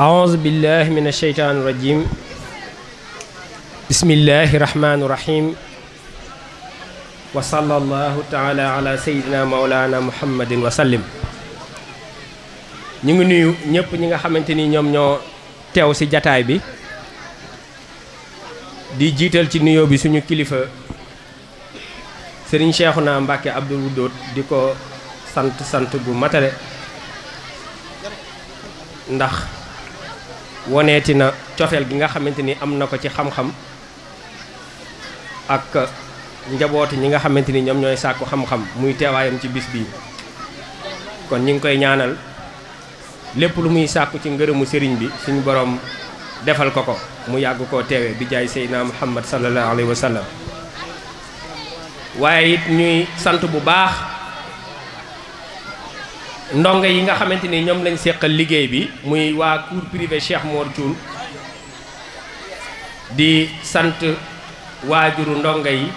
أعوذ بالله من الشيطان الرجيم بسم الله الرحمن الرحيم وصلى الله تعالى على سيدنا مولانا محمد وسلم ñu ngi nuyu ñëpp ñi nga xamante ni ñoom ñoo teew ci jataay bi di jiital ci nuyoo bi suñu kilifa sëriñ na Mbacke Abdoul Wuddoot di ko sant sant bu matale ndax woneeti na cofeel gi nga xamante ni am na ko ci xam-xam ak njabootu ñi nga xamante ni ñoom ñooy sàkku xam-xam muy teewaayam ci bis bii kon ñi ngi koy ñaanal lépp lu muy sàkku ci ngërëmu sëriñ bi suñu boroom defal ko ko mu yàgg koo teewe bi jaay Seydina Muhammad sallallahu alayhi wa sallam waaye it ñuy sant bu baax ndongo yi nga xamante ni ñoom lañu seqal liggéey bi muy waa cours privé Cheikh Mor Thioune di sant waajuru ndongo yi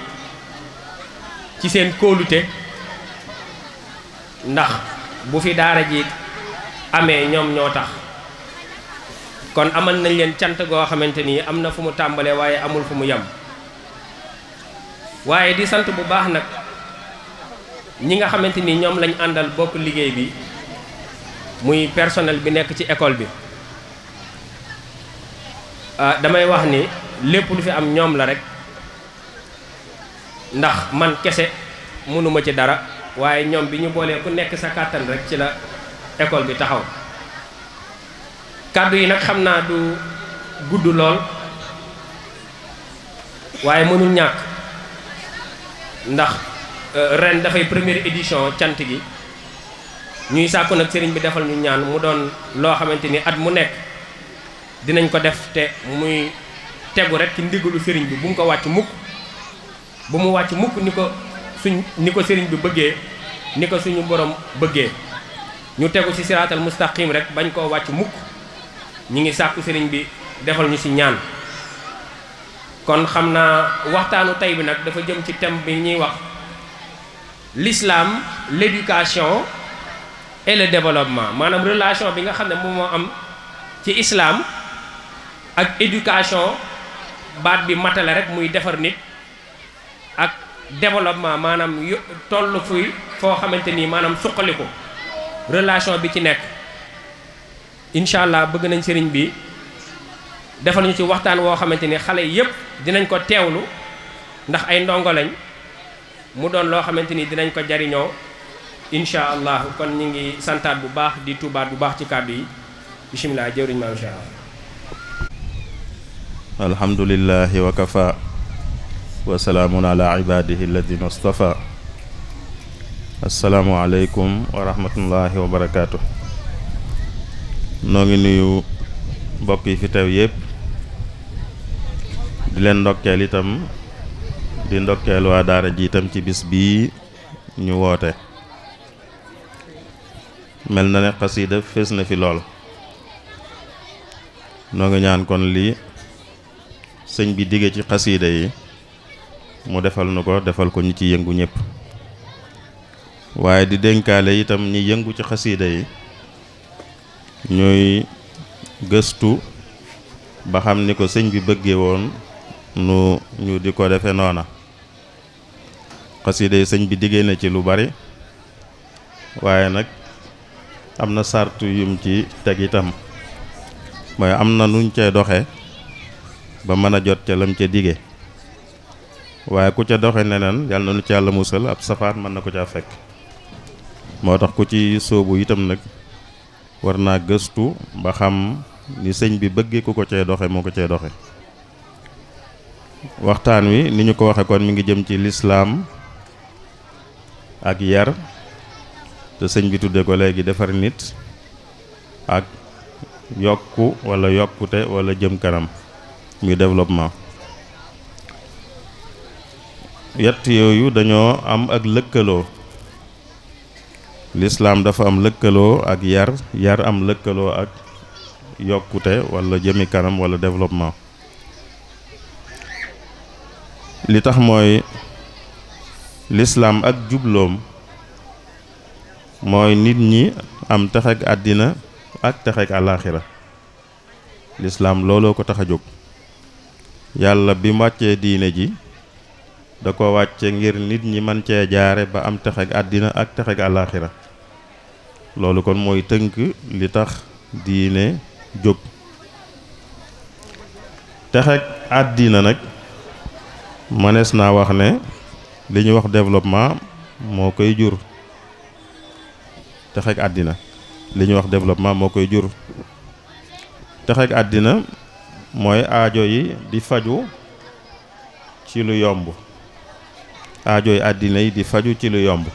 ci seen kóolute ndax bu fi daara ji amee ñoom ñoo tax kon amal nañ leen cant goo xamante ni am na fu mu tàmbalee waaye amul fu mu yem waaye di sant bu baax nag ñi nga xamante ni ñoom lañu àndal bokk liggéey bi muy personnel bi nekk ci école bi ah, damay wax ni lépp lu fi am ñoom la rek ndax man kese mënuma ci dara waaye ñoom bi ñu boolee ku nekk sa kàttan rek ci la école bi taxaw kàddu yi nag xam naa du gudd lool waaye mënul ñàkk ndax euh, ren dafay première édition cant gi ñuy sàkku nag sëriñ bi defal ñu ñaan mu doon loo xamante ni at mu nekk dinañ ko def te muy tegu rek ci sëriñ bi bu mu ko wàcc mukk bu mu wàcc mukk ni ko suñ ni ko sëriñ bi bëggee ni ko suñu borom bëggee ñu tegu ci siraatal mustaqim rek bañ koo wàcc mukk ñi ngi sàkku sëriñ bi defal ñu ci ñaan kon xam naa waxtaanu tey bi nag dafa jëm ci thème bi ñuy wax lislaam l'éducation et le développement maanaam relation bi nga xam ne moom moo am ci islaam ak éducation baat bi matale rek muy defar nit ak développement maanaam yu toll fuy foo xamante ni maanaam suqaliku relation bi ci nekk incha allah bëgg nañ sëriñ bi defal ñu ci waxtaan woo xamante ni xale yépp dinañ ko teewlu ndax ay ndongo lañ mu doon loo xamante ni dinañ ko jariñoo incha allah kon ñu ngi santaat bu baax di tuubaat bu baax ci kàddu yi bisimilah jëwriñ maam Cheikh wa kafa wa salaamun ala ibadihi alladina stafa noo ngi nuyu mbokk yi fi teew yépp di leen ndokkeel itam di ndokkeel waa daara ji ci bis bii ñu woote mel na ne xasiida fees na fi lool noo ngi ñaan kon lii sëñ bi digge ci xasiida yi mu defal nu ko defal ko ñi ci yëngu ñëpp waaye di dénkaale itam ñi yëngu ci xasiida yi ñuy gëstu ba xam ni ko sëñ bi bëggee woon nu ñu di ko defe noona xasiida yi sëñ bi diggee na ci lu bari waaye nag am na sart yum ci teg itam mooy am na nuñ cay doxe ba mën a jot ca lam ca digge waaye ku ca doxe neneen yàlla na nu ci yàlla musal ab safaat mën na ko caa fekk moo tax ku ci soobu itam nag war naa gëstu ba xam ni sëñ bi bëgge ku ko cay doxe moo ko cay doxe waxtaan wi ni ñu ko waxe kon mi ngi jëm ci lislaam ak yar te sëñ bi tudde ko léegi defar nit ak yokku walla yokkute wala jëm kanam muy développement yett yooyu dañoo am ak lëkkaloo lislaam dafa am lëkkaloo ak yar yar am lëkkaloo ak yokkute wala jëmi kanam wala développement li tax mooy lislaam ak jubloom mooy nit ñi am texeg àddina ak texeg àllaaxira lislaam looloo ko tax a jóg yàlla bi wàccee diine ji da ko wàcce ngir nit ñi man cee jaare ba am texeg àddina ak texeg àllaaxira loolu kon mooy tënk li tax diine jóg texeg àddina nag mënees naa wax ne li ñuy wax développement moo koy jur texeeg àddina li ñuy wax développement moo koy jur texeeg àddina mooy aajo yi di faju ci lu yomb aajo yi àddina yi di faju ci lu yomb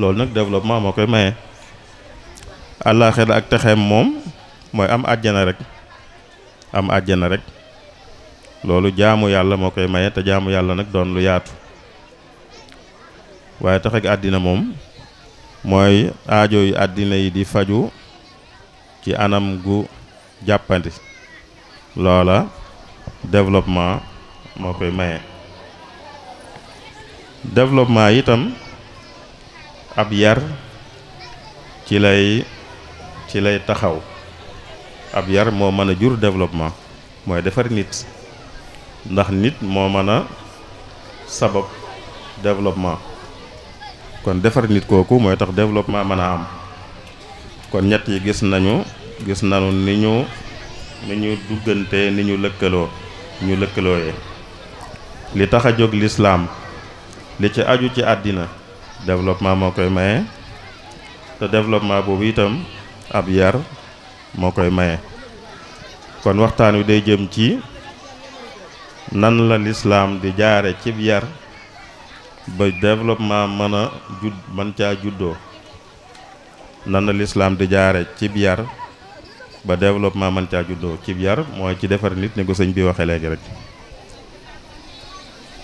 loolu nag développement moo koy maye àllaaxira ak texeem moom mooy am àjjana rek am àjjana rek loolu jaamu yàlla moo koy maye te jaamu yàlla nag doon lu yaatu waaye tax àddina moom mooy aajo yu àddina yi di faju ci anam gu jàppandi loola développement moo koy maye développement itam ab yar ci lay ci lay taxaw ab yar moo mën a jur développement mooy defar nit ndax nit moo mën a sabab développement kon defar nit kooku mooy tax développement mën am kon ñett yi gis nañu gis nañu ni ñu ni ñu duggante ni ñu lëkkaloo ñu lëkkalooyee li tax a jóg lislaam li ci aju ci àddina développement moo koy maye te développement boobu itam ab yar moo koy maye kon waxtaan wi day jëm ci nan la lislaam di jaare cib yar ba développement man a judd mën caa juddoo nan la lislaam di jaare cib yar ba developpement mën caa juddoo cib yar mooy ci defar nit ni ko sëñ bi waxee léegi rek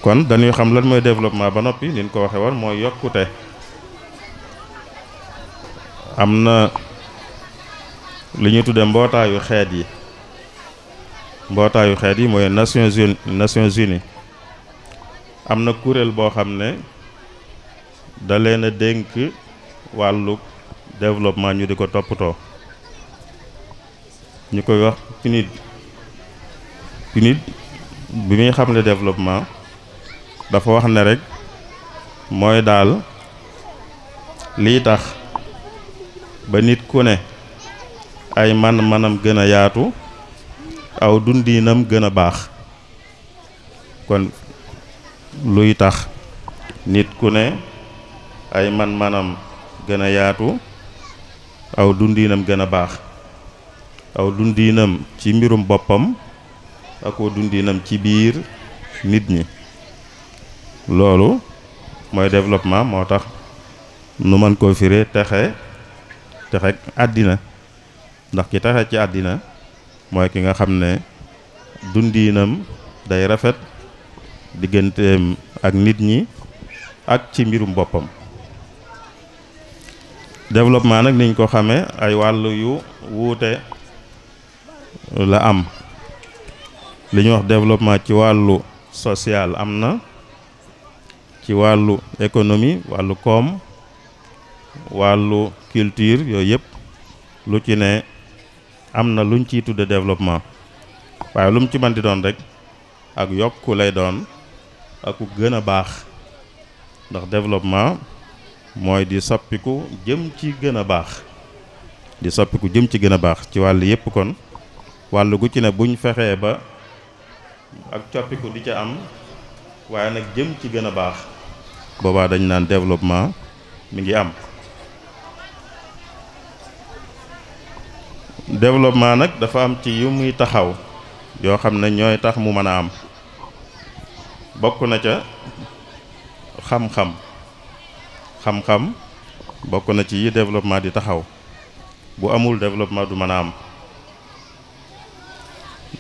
kon dañuy xam lan mooy développement ba noppi ni ñu ko waxee woon mooy yokkute am na li ñuy tuddee mbootaayu xeet yi mbootaayu xeet yi mooy Nations Unies Nations Unies am na kuréel boo xam ne da leen a dénk wàllu développement ñu di ko toppatoo ñu koy wax PNUD PNUD bi muy xam ne développement dafa wax ne rek mooy daal lii tax ba nit ku ne ay man-manam gën a yaatu aw dundiinam gën a baax kon luy tax nit ku ne ay man-manam gën a yaatu aw dundiinam gën a baax aw dundiinam ci mbirum boppam akoo dundiinam ci biir nit ñi loolu mooy développement moo tax nu mën koo firee texe texe àddina ndax ki taxe ci àddina mooy ki nga xam ne dundiinam day rafet digganteem ak nit ñi ak ci mbirum boppam développement nag niñ ko xamee ay wàll yu wuute la am li wax développement ci wàllu social am na ci wàllu économie wàllu koom wàllu culture yooyu yëpp lu ci ne am na luñ ciy tudd développement waaye lum ci mën di doon rek ak yokk lay doon aku ku gën a baax ndax développement mooy di soppiku jëm ci gën a baax di soppiku jëm ci gën a baax ci wàll yépp kon wàllu gu ci ne buñ fexee ba ak coppiku di ca am waaye nag jëm ci gën a baax boobaa dañ naan développement mu ngi am développement nag dafa am ci yu muy taxaw yoo xam ne ñooy tax mu mën a am bokk na ca xam-xam xam-xam bokk na ci yi développement di taxaw bu amul développement du mën a am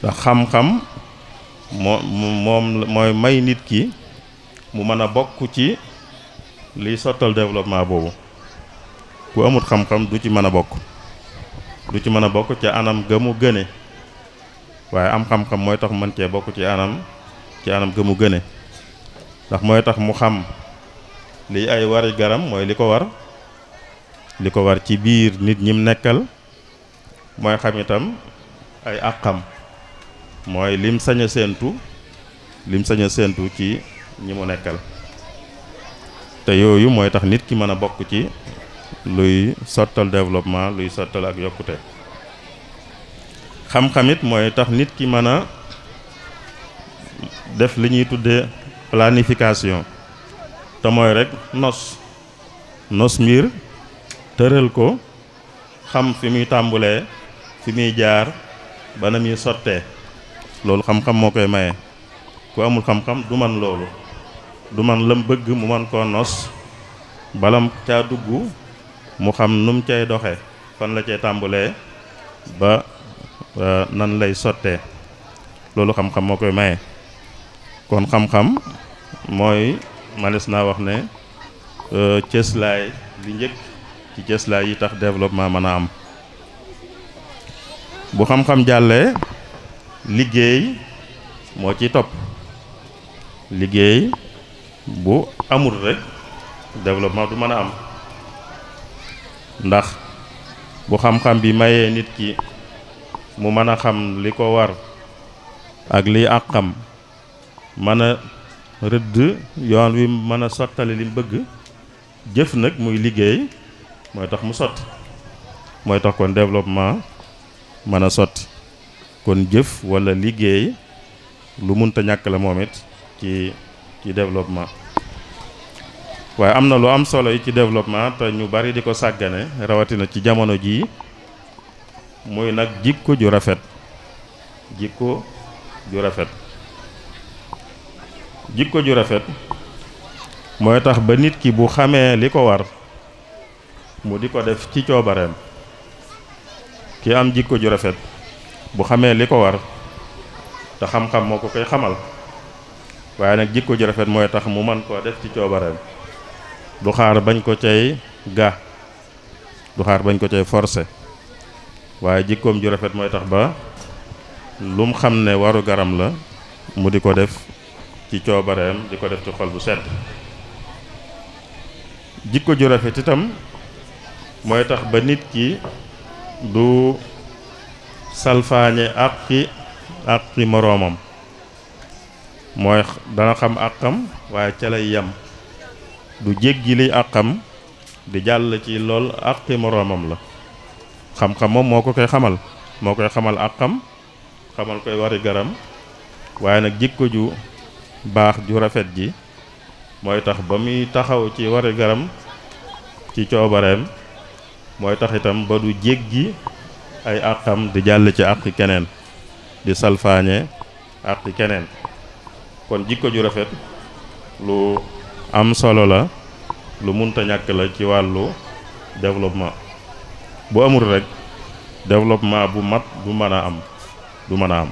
ndax xam-xam moo moom mooy may nit ki mu mën a bokk ci liy sottal développement boobu ku amut xam-xam du ci mën a bokk du ci mën a bokk ci anam ga mu gëne waaye am xam-xam mooy tax mën cee bokk ci anam ci anam ga mu gëne ndax mooy tax mu xam li ay wari garam mooy li ko war li ko war ci biir nit ñi mu nekkal mooy xam itam ay àqam mooy lim saña a séentu lim sañ a séentu ci ñi mu nekkal te yooyu mooy tax nit ki mën a bokk ci luy sottal développement luy sottal ak yokkute xam-xamit mooy tax nit ki mën a def li ñuy tuddee planification te mooy rek nos nos mbir tëral ko xam fi muy tàmbulee fi muy jaar ba na muy sottee loolu xam-xam moo koy maye ku amul xam-xam du man loolu du man lam bëgg mu man koo nos balam caa dugg mu xam nu mu cay doxe fan la cay tàmbulee ba nan lay sottee loolu xam-xam moo koy maye kon xam-xam mooy manes naa wax ne euh, cëslaay li njëkk ci cëslaay yi tax développement mën a am bu xam-xam jàllee liggéey moo ci topp liggéey bu amul rek développement du mën a am ndax bu xam-xam bi mayee nit ki mu mën a xam li ko war ak liy àqam mën a rëdd yoon wi mën a sottale lim bëgg jëf nag muy liggéey mooy tax mu sotti mooy tax kon développement mën a sotti kon jëf walla liggéey lu munta ñàkk la moom ci ci développement waaye am na lu am solo yi ci développement te ñu bari di ko sàggane rawatina ci jamono jii muy nag jikko ju rafet jikko ju rafet jikko ju rafet mooy tax ba nit ki bu xamee li ko war mu di ko def ci coobareem ki am jikko ju rafet bu xamee li ko war te xam-xam moo ko koy xamal waaye nag jikko ju rafet mooy tax mu mën koo def ci coobareem du xaar bañ ko cay ga du xaar bañ ko cay forcé waaye jikkoom ju rafet mooy tax ba lum xam ne waru garam la mu di ko def ci coobareem di ko def ci xol bu sedd jikko ju rafet itam mooy tax ba nit ki du salfaañe àqi àqi moroomam mooy dana xam àqam waaye ca lay yem du jéggi liy àqam di jàll ci lool àqi moroomam la xam-xam moom moo ko koy xamal moo koy xamal àqam xamal koy wari garam waaye nag jikko ju baax ju rafet ji mooy tax ba muy taxaw ci wari garam ci coobareem mooy tax itam ba du jéggi ay àqam di jàll ci àqi keneen di salfaañe àqi keneen kon jikko ju rafet lu am solo la lu munta ñàkk la ci wàllu développement bu amul rekk développement bu mat du mën a am du mën a am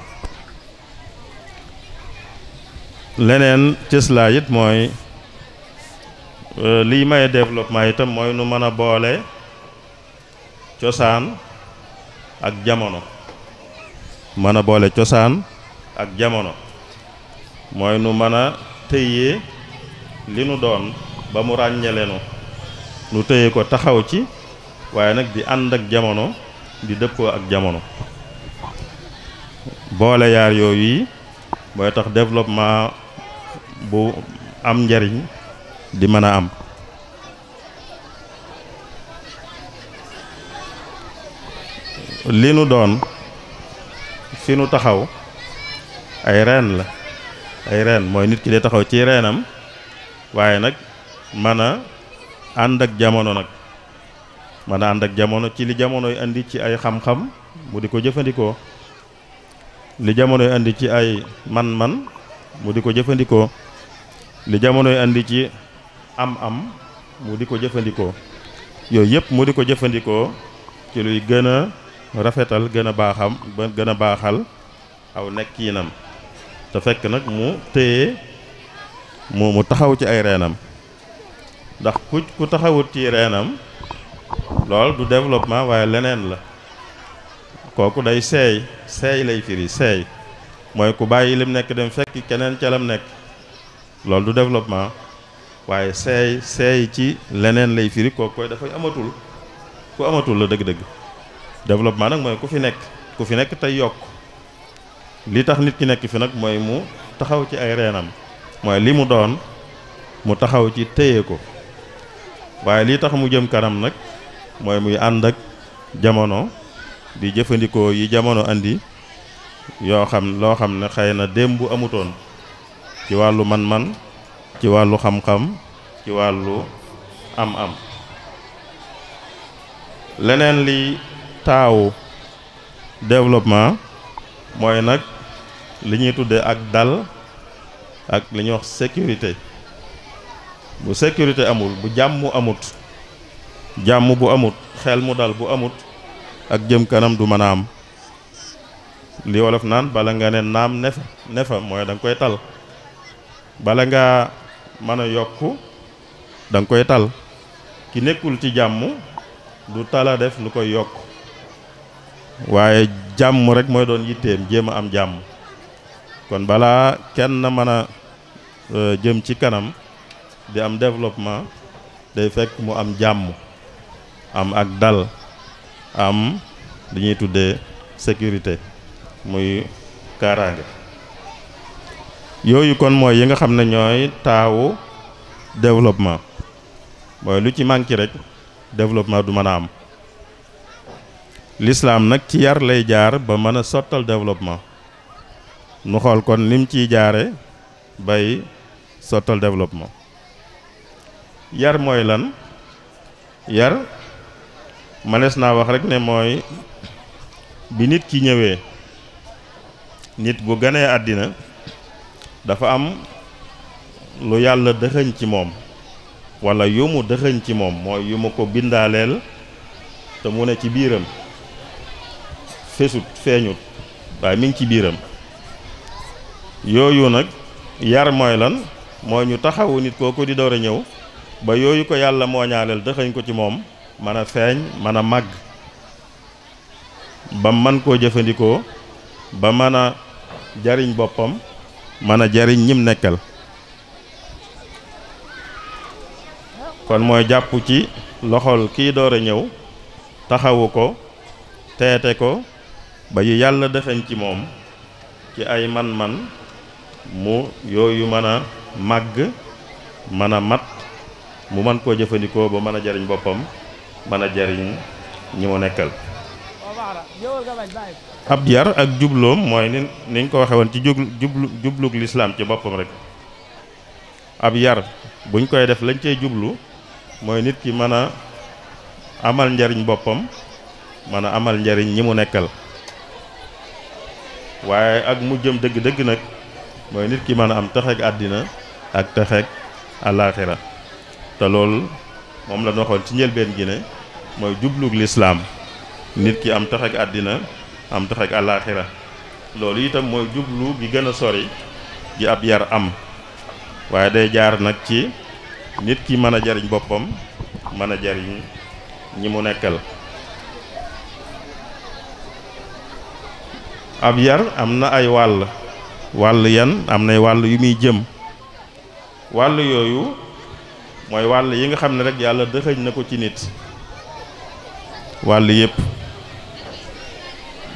leneen cëslaa it mooy euh, lii may développement itam mooy nu mën a boole cosaan ak jamono mën a boole cosaan ak jamono mooy nu mën a tëyee li nu doon ba mu ràññeleenu nu tëye ko taxaw ci waaye nag di ànd ak jamono di dëppoo ak jamono boole yaar yooyu yi mooy tax développement bu am njariñ di mën a am li nu doon fi nu taxaw ay reen la ay reen mooy nit ki day taxaw ci reenam waaye nag mën a ànd ak jamono nag mën a ànd ak jamono ci li jamonoy indi ci ay xam-xam mu di ko jëfandikoo li jamonoy indi ci ay man-man mu di ko jëfandikoo li jamonoy andi ci am-am mu di ko jëfandikoo yooyu yëpp mu di ko jëfandikoo ci luy gën a rafetal gën a baaxam ba gën a baaxal aw kiinam da fekk nag mu téye mu mu taxaw ci ay reenam ndax ku ku taxawut ci reenam lool du développement waaye leneen la kooku day seey seey lay firi seey mooy ku bàyyi lim nekk dem fekki keneen ca lam nekk. loolu du développement waaye seey seey ci leneen lay firi kooku koy dafay amatul ku amatul la dëgg-dëgg développement nag mooy ku fi nekk ku fi nekk tey yokk li tax nit ki nekk fi nag mooy mu taxaw ci ay reenam mooy li mu doon mu taxaw ci téye ko waaye li tax mu jëm kanam nag mooy muy ànd ak jamono di jëfandikoo yi jamono indi yoo xam loo xam ne xëy na démb amutoon ci wàllu man-man ci wàllu xam-xam ci wàllu am-am leneen li taawu développement mooy nag li ñuy tudde ak dal ak li ñuy wax sécurité bu sécurité amul bu jàmm amut jàmm bu amut xel mu dal bu amut ak jëm kanam du mën a am li wolof naan bala nga ne naam nefa nefa mooy da koy tal bala ngaa mën a yokk danga nga koy tal ki nekkul ci jàmm du tala def lu koy yokk waaye jàmm rek mooy doon yitteem jéem a am jàmm kon balaa kenn mën a e, jëm ci kanam di am développement day fekk mu am jàmm am ak dal am li ñuy tuddee sécurité muy kaaraange yooyu kon mooy yi nga xam ne ñooy taawu développement mooy lu ci manqué rekk développement du mën a am lislaam nag ci yar lay jaar ba mën a sottal développement nu xool kon nim ciy jaare bay sottal développement yar mooy lan yar mënees naa wax rek ne mooy bi nit ki ñëwee nit bu ganee àddina dafa am lu yàlla dëxëñ ci moom walla yu mu dëxëñ ci moom mooy yu ma ko bindaaleel te mu ne ci biiram fesut feeñut waaye mi ngi ci biiram yooyu nag yar mooy lan mooy ñu taxawu nit kooku di door a ñëw ba yooyu ko yàlla moo ñaaleel dëxëñ ko ci moom mën a feeñ mën a màgg ba mën koo jëfandikoo ba mën a jariñ boppam mën a jariñ ñim nekkal kon mooy jàpp ci loxol kii door a ñëw taxawu ko teete ko ba yu yàlla defeñ ci moom ci ay man-man mu yooyu mën a màgg mën a mat mu mën koo jëfandikoo ba mën a jariñ boppam mën a jariñ ñi mu nekkal ab yar ak jubloom mooy ni niñ ko waxe woon ci jublu jublug lislaam ci boppam rek ab yar buñ koy def lañ cey jublu mooy nit ki mën a amal njariñ boppam mën a amal njariñ ñi mu nekkal waaye ak mujjam dëgg-dëgg nag mooy nit ki mën a am taxeeg àddina ak taxeeg àllaaxira te loolu moom la ñu waxoon ci njëlbéen gi ne mooy jublug lislaam nit ki am taxek àddina am taxek àllaaxira loolu itam mooy jublu bi gën a sori gi ab yar am waaye day jaar nag ci nit ki mën a jariñ boppam mën a jariñ ñi mu nekkal ab yar am na ay wàll wàll yan am nay wàll yu muy jëm wàll yooyu mooy wàll yi nga xam ne rek yàlla dëxëñ na ko ci nit wàll yépp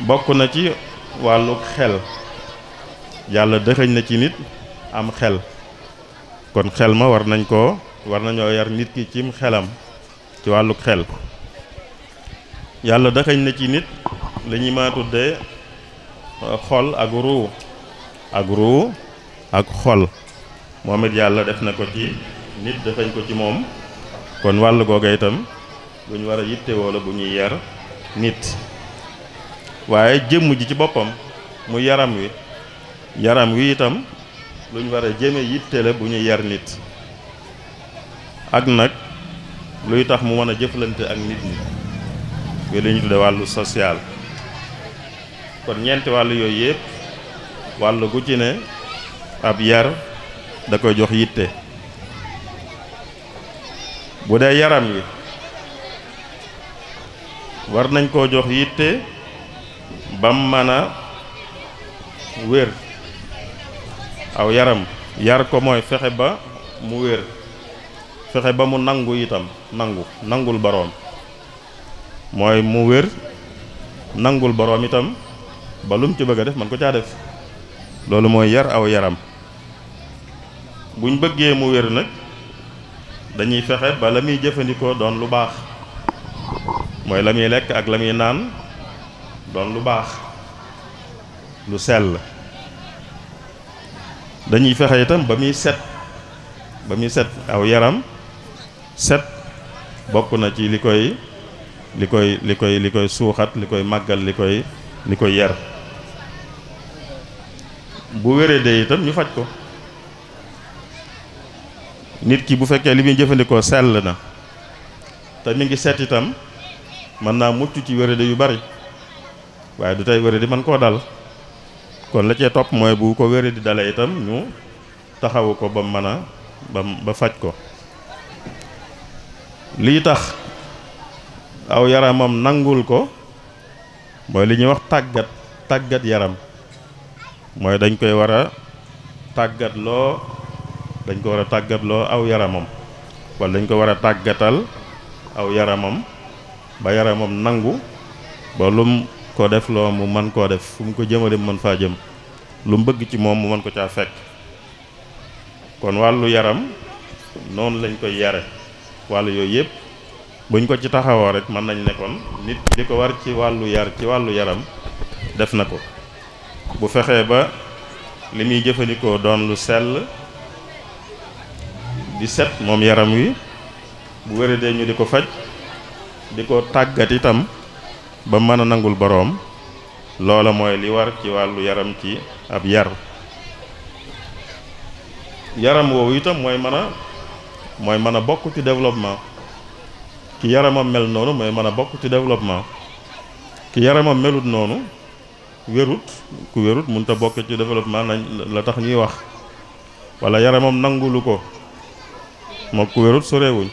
bokk na ci wàllu xel yàlla dëxëñ na ci nit am xel kon xel ma war nañ ko war nañoo yar nit ki cim xelam ci wàllu xel yàlla dëxëñ na ci nit li ñu ma tuddee euh, xol ak ruu ak ruu ak xol moom yàlla def na ko ci nit dëxëñ ko ci moom kon wàll googa itam lu ñu war a yittewoo la bu ñuy yar nit waaye jëmm ji ci boppam mu yaram wi yaram wi itam lu ñu war a jëme yitte bu ñu yar nit ak nag luy tax mu mën a jëflante ak nit ñi yooyu la ñu tudde wàllu social kon ñeenti wàllu yooyu yëpp wàllu gu ci ne ab yar da koy jox yitte bu dee yaram wi war nañ koo jox yitte bam mën a wér aw yaram yar ko mooy fexe ba mu wér fexe ba mu nangu itam nangu nangul boroom mooy mu wér nangul boroom itam ba lum ci bëgg a def man ko caa def loolu mooy yar aw yaram buñ bëggee mu wér nag dañuy fexe ba la muy jëfandikoo doon lu baax mooy la muy lekk ak la muy naan doon lu baax lu sell dañuy fexe itam ba muy set ba muy set aw yaram set bokk na ci li koy li koy li koy li koy suuxat li koy màggal li koy li koy yar bu wéradee itam ñu faj ko nit ki bu fekkee li muy jëfandikoo sell na te mi ngi set itam mën naa mucc ci wérade yu bari waaye du tey wér di man koo dal kon la cee topp mooy bu ko wér di dale itam ñu taxawu ko ba mën a ba ba faj ko lii tax aw yaramam nangul ko mooy li ñuy wax tàggat tàggat yaram mooy dañ koy war a tàggat loo dañ ko war a tàggat loo aw yaramam wala dañ ko war a tàggatal aw yaramam ba yaramam nangu ba ko def loo mu man koo def fu mu ko jëmale mu mën faa jëm lu mu bëgg ci moom mu mën ko caa fekk kon wàllu yaram noonu lañ koy yare wàllu yooyu yëpp buñ ko ci taxawoo rek mën nañ nekkoon nit di ko war ci wàllu yar ci wàllu yaram def na ko bu fexee ba li muy jëfandikoo doon lu sell di set moom yaram wi bu wéradee ñu di ko faj di ko tàggat itam ba mën a nangul boroom loola mooy li war ci wàllu yaram ci ab yar yaram woowu itam mooy mën a mooy mën a bokk ci développement ki yaramam mel noonu mooy mën a bokk ci développement ki yaramam melut noonu wérut ku wérut mënut a bokk ci développement nañ la tax ñuy wax wala yaramam nangulu ko moo ku wérut soreewuñ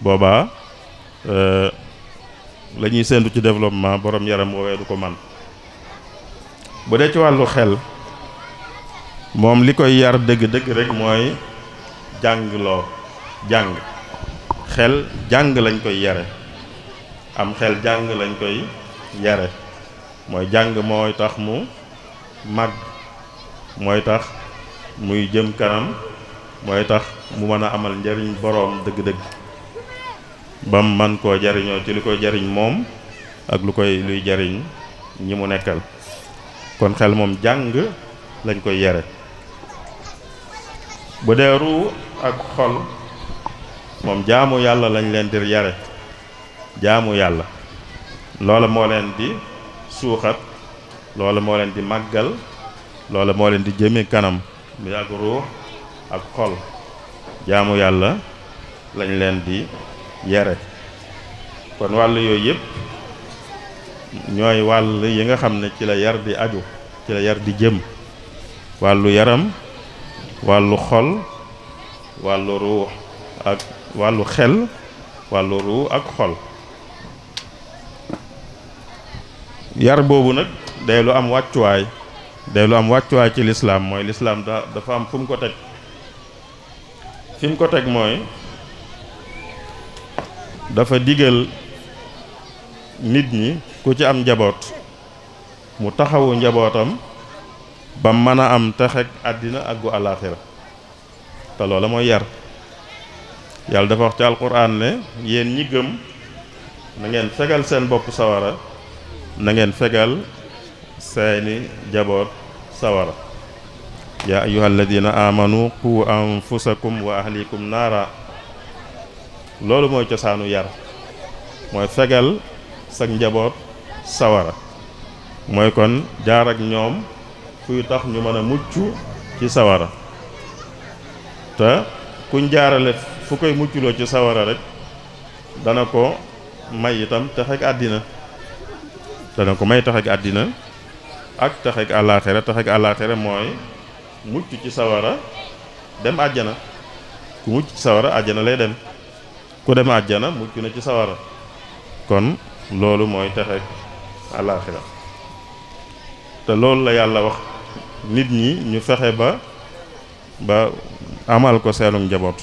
boobaa euh, lañuy ñuy séentu ci développement borom yaram woowee du ko man bu dee ci wàllu xel moom li koy yar dëgg-dëgg rek mooy jàngloo jàng xel jàng lañ koy yare am xel jàng lañ koy yare mooy jàng mooy tax mu màgg mooy tax muy jëm kanam mooy tax mu mën a amal njariñ boroom dëgg-dëgg ba mu man koo jariñoo ci lu koy jariñ moom ak lu koy luy jariñ ñi mu nekkal kon xel moom jàng lañ koy yare bu dee ruu ak xol moom jaamu yàlla lañ leen dir yare jaamu yàlla loola moo leen di suuxat loola moo leen di màggal loola moo leen di jëmi kanam mi ak ruux ak xol jaamu yàlla lañ leen di yare kon wàll yooyu yëpp ñooy wàll yi nga xam ne ci la yar di aju ci la yar di jëm wàllu yaram wàllu xol wàllu ruux ak wàllu xel wàllu ruux ak xol yar boobu nag day lu am wàccuwaay day lu am wàccuwaay ci lislaam mooy lislaam da dafa am fu ko teg fi ko teg mooy dafa digal nit ñi ku ci am njaboot mu taxawu njabootam ba mën a am texeg àddina ak gu àllaaxira te loola mooy yar yàlla dafa wax ci alquran ne yéen ñi gëm na ngeen fegal seen bopp sawara na ngeen fegal seeni njaboot sawara yaa ayyuha alladina amanu qu anfusakum wa ahlikum naara loolu mooy cosaanu yar mooy fegal sag njaboot sawara mooy kon jaar ak ñoom fuy tax ñu mën a mucc ci sawara te kuñ jaarale fu koy mucculoo ci sawara rek dana ko may itam texeg àddina dana ko may texeg àddina ak texeg àllaaxira texeg àllaaxira mooy mucc ci sawara dem àjjana ku mucc ci sawara àjjana lay dem ku dem àjjana mucc na ci sawara kon loolu mooy texeek àllaaxira te loolu la yàlla wax nit ñi ñu fexe ba ba amal ko seenum njaboot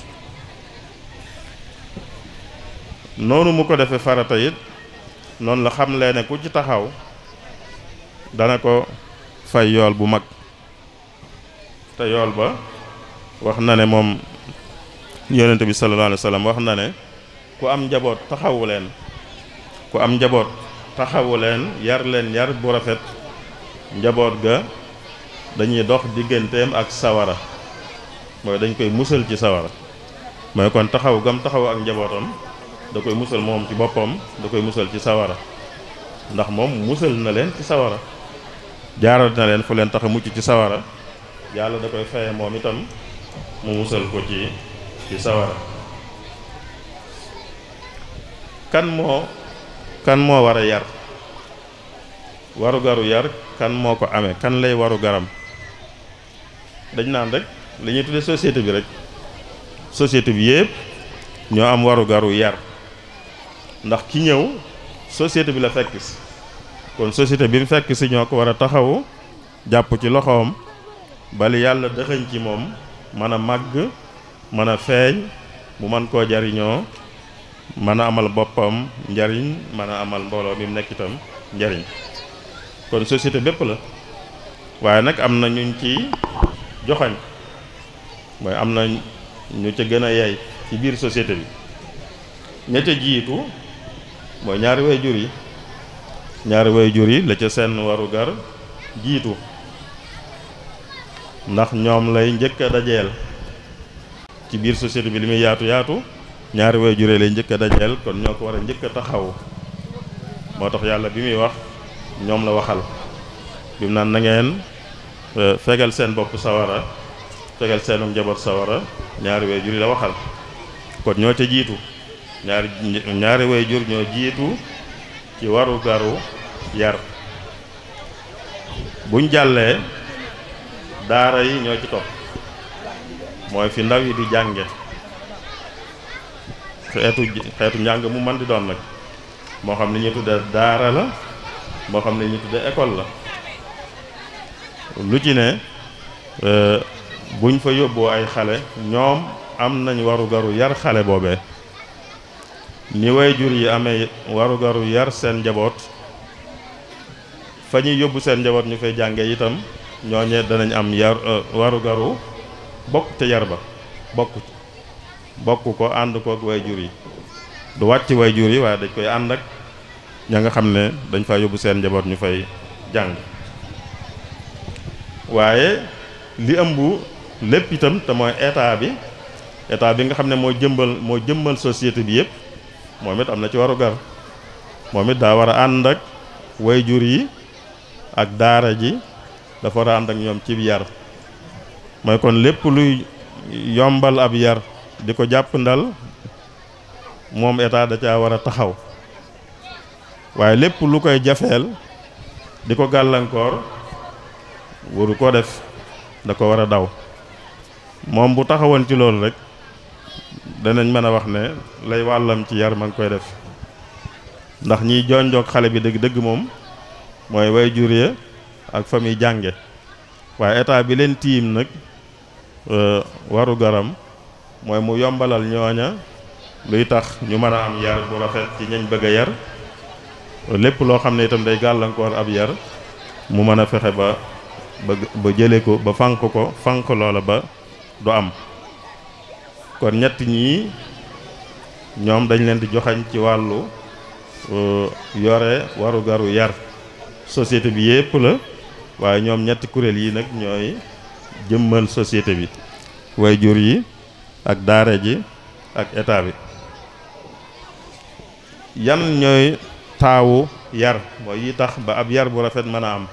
noonu mu ko defe farata it noonu la xam lee ne ku ci taxaw dana ko fay yool bu mag te yool ba wax na ne moom yonent bi sallallahu alayhi wax na ne ku am njaboot taxawu leen ku am njaboot taxawu leen yar leen yar bu rafet njaboot ga dañuy dox digganteem ak sawara mooy dañ koy musal ci sawara mooy kon taxaw gam taxaw ak njabootam da koy musal moom ci boppam da koy musal ci sawara ndax moom musal na leen ci sawara jaaral na leen fu leen tax a mucc ci sawara yàlla da koy faye moom itam mu musal ko ci ci sawara kan moo kan moo war a yar warugaru yar kan moo ko amee kan lay waru garam dañ naan rekk li ñuy tudde société bi rek société bi yëpp ñoo am warugaru yar ndax ki ñëw société bi la fekk si kon société bi mu fekk si ñoo ko war a taxawu jàpp ci loxoom bali yàlla dëxëñ ci moom mën a màgg mën a feeñ mu mën koo jariñoo mën a amal boppam njariñ mën a amal mbooloo mi mu nekk itam njariñ kon société bépp la waaye nag am na ñuñ ci joxañ mooy am na ñu ca gën a yey ci biir société bi ña ca jiitu mooy ñaari way jur yi ñaari way jur yi la ca seen warugar jiitu ndax ñoom lay njëkk a dajeel ci biir société bi li muy yaatu yaatu ñaari waajur lay njëkk a dajeel kon ñoo ko war a njëkk a taxaw moo tax yàlla bi muy wax ñoom la waxal bi mu naan na ngeen e, fegal seen bopp sawara fegal seenum njaboot sawara ñaari waajur la waxal kon ñoo ca jiitu ñaari ñaari jur ñoo jiitu ci waru garu yar buñ jàllee daara yi ñoo ci topp mooy fi ndaw yi di jànge xeetu xeetu njàng mu man di doon nag moo xam ne ñu tudde daara la moo xam ne ñu tudde école la lu ci ne e, buñ fa yóbboo ay xale ñoom am nañ warugaru yar xale boobee ni way jur yi amee warugaru yar seen njaboot fa ñuy yóbbu seen njaboot ñu fay jànge itam ñooñee danañ am yar e, warugaru bokk ca yar ba bokk bokk ko ànd kook way jur yi du wàcc way jur yi waaye dañ koy ànd ak ña nga xam ne dañ fa yóbbu seen njaboot ñu fay jàng waaye li ëmb lépp itam te mooy état bi état bi nga xam ne moo jëmbal moo jëmbal société bi yëpp moom it am na ci warugar moom it daa war a ànd ak way jur yi ak daara ji dafa war a ànd ak ñoom cib yar mooy kon lépp luy yombal ab yar di ko jàpp ndal moom état da caa war a taxaw waaye lépp lu koy jafeel di ko gàllankoor waru ko def da ko war a daw moom bu taxawoon ci loolu rek danañ mën a wax ne lay wàllam ci yar ma ngi koy def ndax ñiy jonjoog xale bi dëgg dëgg moom mooy way jur ya ak fa muy jànge waaye état bi leen tiim nag euh, waru garam mooy mu yombalal ñooña luy tax ñu mën a am yar bu rafet ci ñañ bëgg yar lépp loo xam ne itam day gàllankoor ab yar mu mën a fexe ba ba ba jëlee ko ba fànq ko fànq loola ba du am kon ñett ñii ñoom dañ leen di joxañ ci wàllu euh, yore waru garu yar société bi yépp la waaye ñoom ñetti kuréel yi nag ñooy jëmmal société bi waajur yi ak daare ji ak état bi yan ñooy taawu yar mooy yi tax ba ab yar bu rafet mën a am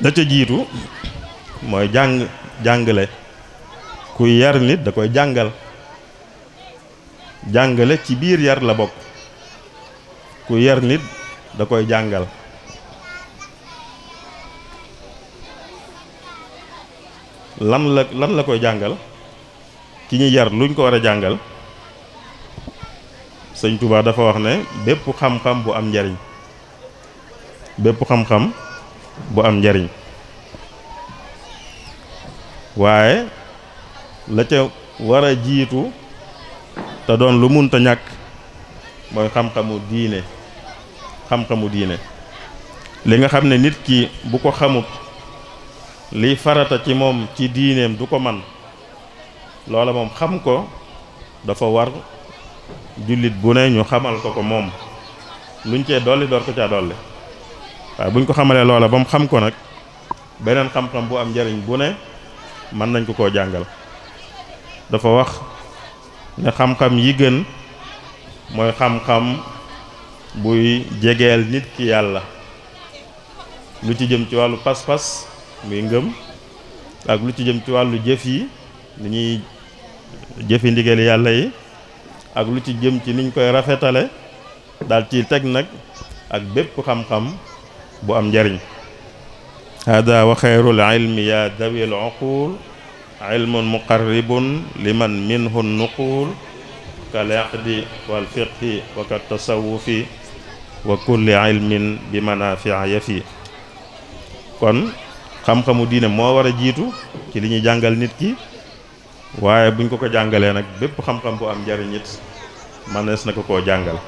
da ca jiitu mooy jàng jàngale ku yar nit da koy jàngal jàngale ci biir yar la bokk ku yar nit da koy jàngal lan la lan la koy jàngal ki ñu yar luñ ko war a jàngal sëñ Touba dafa wax ne bépp xam-xam bu am njariñ bépp xam-xam bu am njariñ waaye la ca wara jiitu te doon lu munta ñàkk mooy xam-xamu diine xam-xamu diine li nga xam ne nit ki bu ko xamut liy farata ci moom ci diineem du ko man loola moom xam ko dafa war jullit bu ne ñu xamal ko ko moom luñ cee dolli door ko caa dolli waaye buñ ko xamalee loola ba mu xam ko nag beneen xam-xam bu am njariñ bu ne mën nañ ko koo jàngal dafa wax ne xam-xam yi gën mooy xam-xam buy jegeel nit ki yàlla lu ci jëm ci wàllu pas-pas muy ngëm ak lu ci jëm ci wàllu jëf yi ni ñuy jëfi ndigal yàlla yi ak lu ci jëm ci niñ koy rafetale dal ci teg nag ak bépp xam-xam bu am njariñ hada wa xayrul ilmi dawil uqul ilmun muqarribun liman minhu nuqul kal wal fiqhi wa tasawufi wa kulli ilmin bi manafia yafi kon xam-xamu diine moo war a jiitu ci li ñuy jàngal nit ki waaye buñ ko ko jàngalee nag bépp xam-xam bu am njariñ it mënees ko jàngal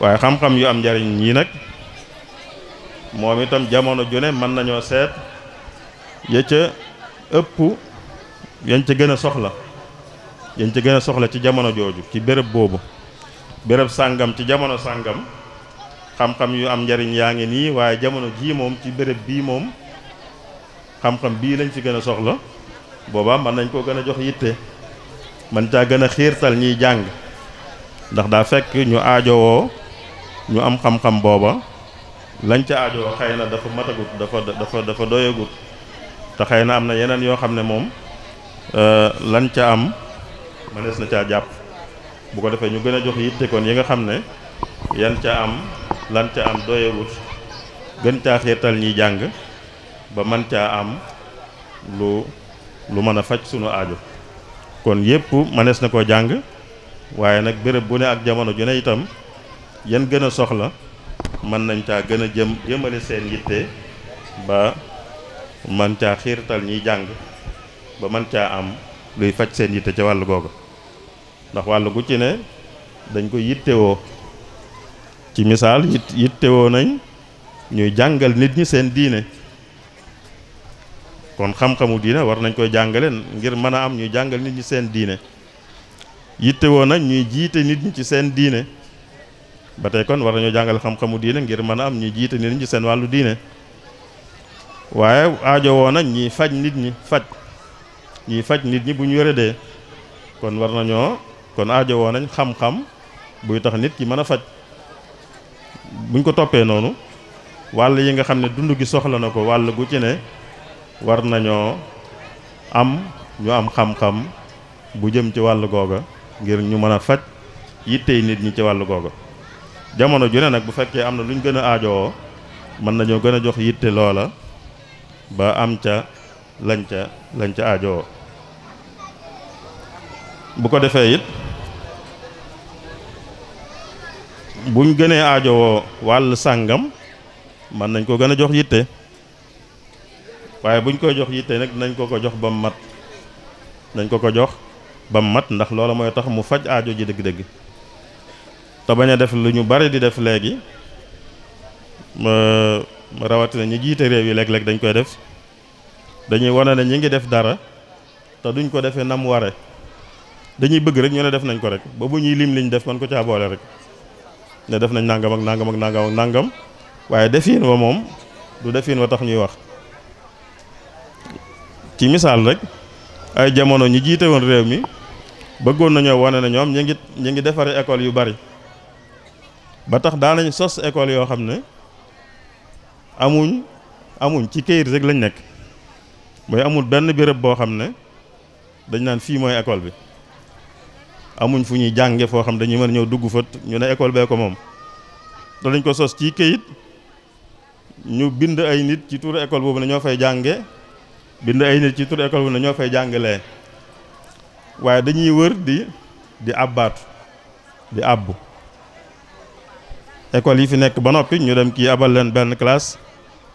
waaye xam yu am njariñ yi nag moom itam jamono ju ne mën nañoo seet ya ca ëpp yañ ca gën a soxla yañ ca gën a soxla ci jamono jooju ci béréb boobu béréb sàngam ci jamono sàngam xam-xam yu am njariñ yaa ngi nii waaye jamono jii moom ci béréb bii moom xam-xam bii lañ ci gën a soxla boobaa man nañ koo gën a jox yitte man caa gën a xiirtal ñiy jàng ndax daa fekk ñu aajowoo ñu am xam-xam booba lañ ca aajowoo xëy na dafa matagut dafa dafa dafa doyagut te xëy na am na yeneen yoo xam ne moom euh, lañ ca am mënees na caa jàpp bu ko defee ñu gën a jox yitte kon yi nga xam ne yan ca am lan ca am doyewut gën caa xeetal ñi jàng ba mën caa am lu lu mën a faj sunu aajo kon yépp mënees na koo jàng waaye nag béréb bu ne ak jamono ju ne itam yan gën a soxla mën nañ caa gën a jëm jëmale seen yitte ba man caa xiirtal ñiy jàng ba man caa am luy faj seen yitte ca wàll googa ndax wàllu gu ne dañ ko yittewoo ci misaal it yittewoo nañ ñuy jàngal nit ñi seen diine kon xam-xamu diine war nañ koy jàngale ngir mën a am ñuy jàngal nit ñi seen diine yittewoo nañ ñuy jiite nit ñi ci seen diine ba tey kon war nañoo jàngale xam-xamu diine ngir mën a am ñuy jiite nit ñi ci seen wàllu diine waaye aajowoo nañ ñuy faj nit ñi faj ñuy faj nit ñi bu yore dee kon war nañoo kon woo nañ xam-xam buy tax nit ki mën a faj buñ ko toppee noonu wàll yi nga xam ne dund gi soxla na ko wàll gu ci ne war nañoo am ñu am xam-xam bu jëm ci wàll googa ngir ñu mën a faj yittey nit ñi ci wàll googa jamono ju ne nag bu fekkee am na lu luñ gën a aajowoo mën nañoo gën a jox yitte loola ba am ca lañ ca lañ ca aajowoo bu ko defee it buñ gënee aajowoo wàll sàngam mën nañ ko gën a jox yitte waaye buñ koy jox yitte nag nañ ko ko jox ba mu mat nañ ko ko jox ba mu mat ndax loola mooy tax mu faj aajo ji dëgg-dëgg te bañ a def lu ñu bari di def léegi ma rawatina ñi jiite réew yi léeg-léeg dañ koy def dañuy wane ne ñu ngi def dara te duñ ko defee nam ware dañuy bëgg rek ñoo ne def nañ ko rek ba bu ñuy lim liñ def man ko caa boole rek ne def nañ nangam ak nangam ak nangam nangam waaye defin wa moom du defin wa tax ñuy wax ci misaal rek ay jamono ñi jiite woon réew mi bëggoon nañoo wane na ñoom ñu ngi ñu ngi defaree école yu bari ba tax daan nañ sos école yoo xam ne amuñ amuñ ci kayit rek lañ nekk mooy amul benn béréb boo xam ne dañ naan fii mooy école bi amuñ fu ñuy jànge foo xam dañuy mën ñëw dugg fa ñu ne école bee ko moom danañ ko sos ci këyit ñu bind ay nit ci turu école boobu ne ñoo fay jànge bind ay nit ci turu école boobu ne ñoo fay jàngalee waaye dañuy wër di di abbaatu di abbu école yi fi nekk ba noppi ñu dem kii abal leen benn classe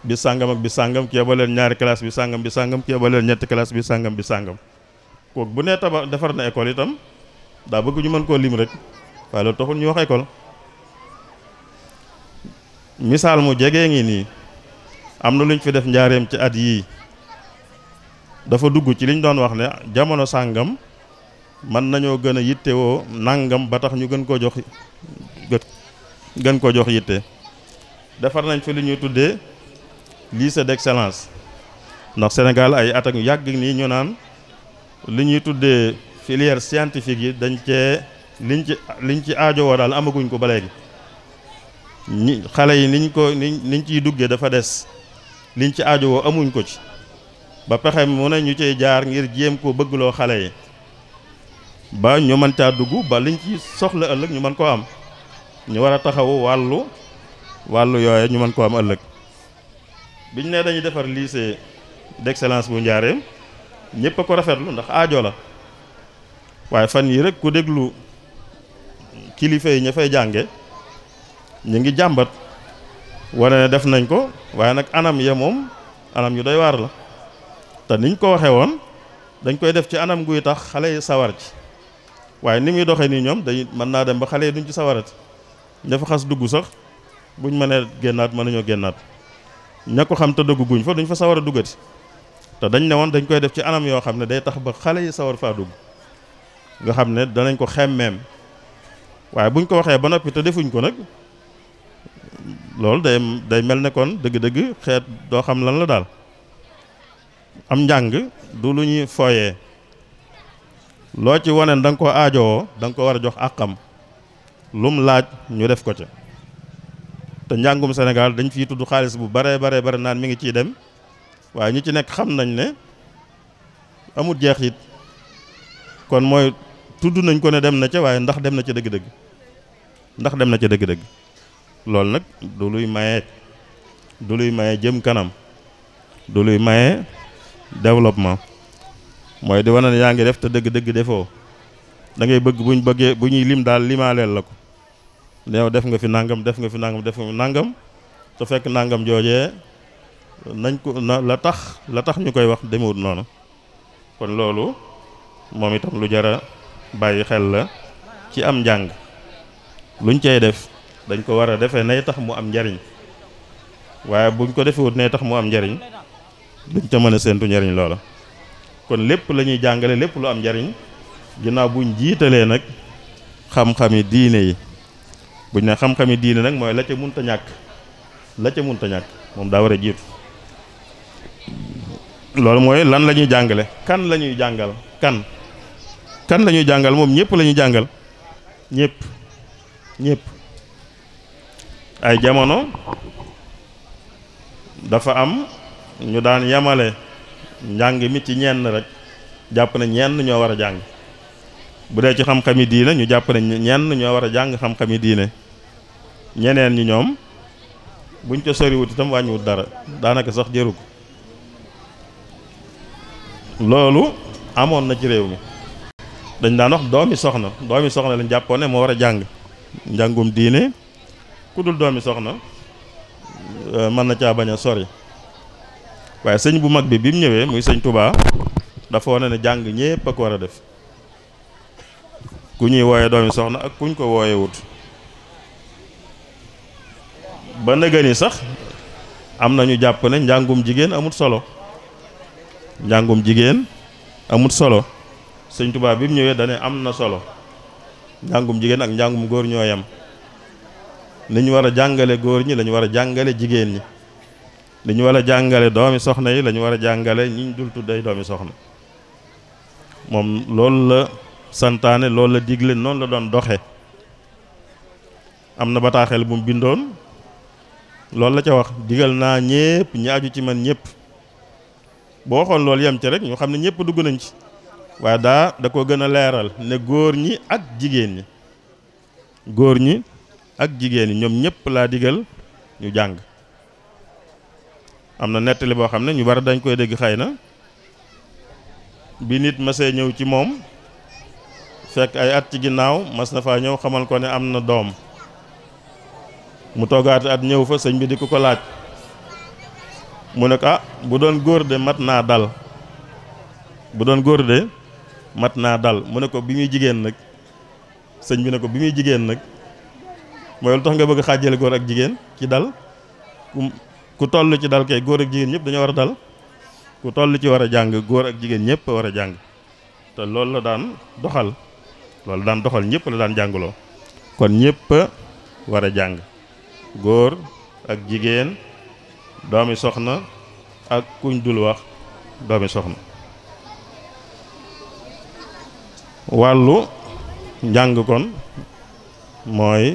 bi sàngam ak bi sàngam kii abal leen ñaari classe bi sàngam bi sàngam kii abal ñetti classe bi sàngam bi sàngam kooku bu nee tabax defar na école itam daa bëgg ñu mën koo lim rek waaye loolu taxul ñu wax école misaal mu jegee ngi nii am na lu ñu fi def njaareem ci at yii dafa dugg ci li liñ doon wax ne jamono sàngam mën nañoo gën a woo nangam ba tax ñu gën koo jox gën koo jox yitte defar nañ fi li ñuy tuddee lycée d'excellence ndax Sénégal ay at ak yàgg nii ñu naan li ñuy tuddee filière scientifique yi dañ cee liñ ci liñ ci aajowoo daal amaguñ ko ba léegi ñi xale yi niñ ko niñ niñ ciy duggee dafa des liñ ci aajowoo amuñ ko ci ba pexe mu ne ñu cey jaar ngir jéem koo bëgguloo xale yi ba ñu mën caa dugg ba liñ ci soxla ëllëg ñu mën koo am ñu war a taxawu wàllu wàllu yooye ñu mën koo am ëllëg biñ ne dañuy defar lycée d'excellence bu njaareem ñëpp a ko rafetlu ndax aajo la waaye fan yii rek ku déglu kilifa yi ñu fay jànge ñu ngi jàmbat wane ne def nañ ko waaye nag anam ya moom anam yu doy waar la te niñ ko waxee woon dañ koy def ci anam guy tax xale yi sawar waaye ni muy doxee nii ñoom dañ mën naa dem ba xale yi duñ ci sawarati ña fa xas dugg sax buñ mënee génnaat mën ñoo génnaat ña ko xam te dugg guñ fa duñ fa sawar a duggati te dañ ne woon dañ koy def ci anam yoo xam ne day tax ba xale yi sawar faa dugg nga xam ne danañ ko xemmeem waaye buñ ko waxee ba noppi te defuñ ko nag loolu day day mel ne kon dëgg-dëgg xeet doo xam lan la daal am njàng du lu ñuy fooyee loo ci waneen da ko aajowoo danga ko war a jox àqam lum laaj ñu def ko ca te njàngum Sénégal dañ fi tudd xaalis bu bare bare bare naan mi ngi ciy dem waaye ñi ci nekk xam nañ ne amul jeexit kon mooy tudd nañ ko ne dem na ca waaye ndax dem na ca dëgg-dëgg ndax dem na ca dëgg-dëgg loolu nag du luy maye du luy maye jëm kanam du luy maye développement mooy di wane ne yaa ngi def te dëgg-dëgg defoo da ngay bëgg buñ bëggee bu ñuy lim daal limaaleel la ko yow def nga fi nangam def nga fi nangam def nga fi nangam te fekk nangam joojee nañ ko na la tax la tax ñu koy wax demewut noonu kon loolu moom itam lu jara bàyyi xel la ci am njàng luñ cay def dañ ko war a defee nay tax mu am njariñ waaye buñ ko defewut nay tax mu am njariñ duñ ca mën séentu njariñ loola kon lépp la ñuy jàngale lépp lu am njariñ ginnaaw buñ jiitalee nag xam-xami diine yi buñ ne xam-xami diine nag mooy la ca munta ñàkk la ca munta ñàkk moom daa war a jiitu loolu mooy lan la ñuy jàngale kan lañuy jàngal kan kan la ñuy jàngal moom ñëpp lañuy jàngal ñépp ñépp ay jamono dafa am ñu daan yamale njàng mi ci ñenn rek jàpp ne ñenn ñoo war a jàng bu dee ci xam-xami diine ñu jàpp ne ñenn ñoo war a jàng xam-xami diine ñeneen ñi ñoom buñ ko soriwut itam wàññiwut dara daanaka sax jëru ko loolu amoon na ci réew mi dañ daan wax doomi soxna doomi soxna lañ jàppoon ne moo war a jàng njàngum diine ku dul doomi soxna euh, mën na caa bañ a sori waaye sëñ bu mag bi bi mu ñëwee muy sëñ Touba dafa wane ne jàng ñépp ak war a def ku ñuy wooyee doomi soxna ak kuñ ko wooyee wut ba yi sax am na ñu jàpp ne njàngum jigéen amut solo njàngum jigéen amut solo sëñ tubaab yi mu ñëwee dane am na solo njàngum jigéen ak njàngum góor ñoo yem li ñu war a jàngale góor ñi lañu war a jàngale jigéen ñi li war a jàngale doomi soxna yi lañu war a jàngale ñu dul tudday doomi soxna moom loolu la santaane loolu la digle noonu la doon doxe am na bataaxel bu mu bindoon loolu la ca wax digal naa ñépp ñi aju ci man ñépp boo xoon loolu yem ci rek ñu xam ne ñépp dugg nañ ci waaye daa da ko gën a leeral ne góor ñi ak jigéen ñi góor ñi ak jigéen ñi ñoom ñëpp laa digal ñu jàng am na nettali boo xam ne ñu bari dañ koy dégg xay na bi nit masee ñëw ci moom fekk ay at ci ginnaaw mas na faa ñëw xamal ko ne am na doom mu toogaate at ñëw fa sëñ bi di ko ko laaj mu ne ko ah bu doon góor de mat naa dal bu doon góor de mat naa dal mu ne ko bi muy jigéen nag sëñ bi ne ko bi muy jigéen nag mooy lu tax nga bëgg a xaajale góor ak jigéen ci dal ku ku toll ci dal kay góor ak jigéen ñëpp dañoo war a dal ku toll ci war a jàng góor ak jigéen ñëpp war a jàng te loolu la daan doxal loolu daan doxal ñëpp la daan jàngaloo kon ñëpp war a jàng góor ak jigéen doomi soxna ak kuñ dul wax doomi soxna wàllu njàng kon mooy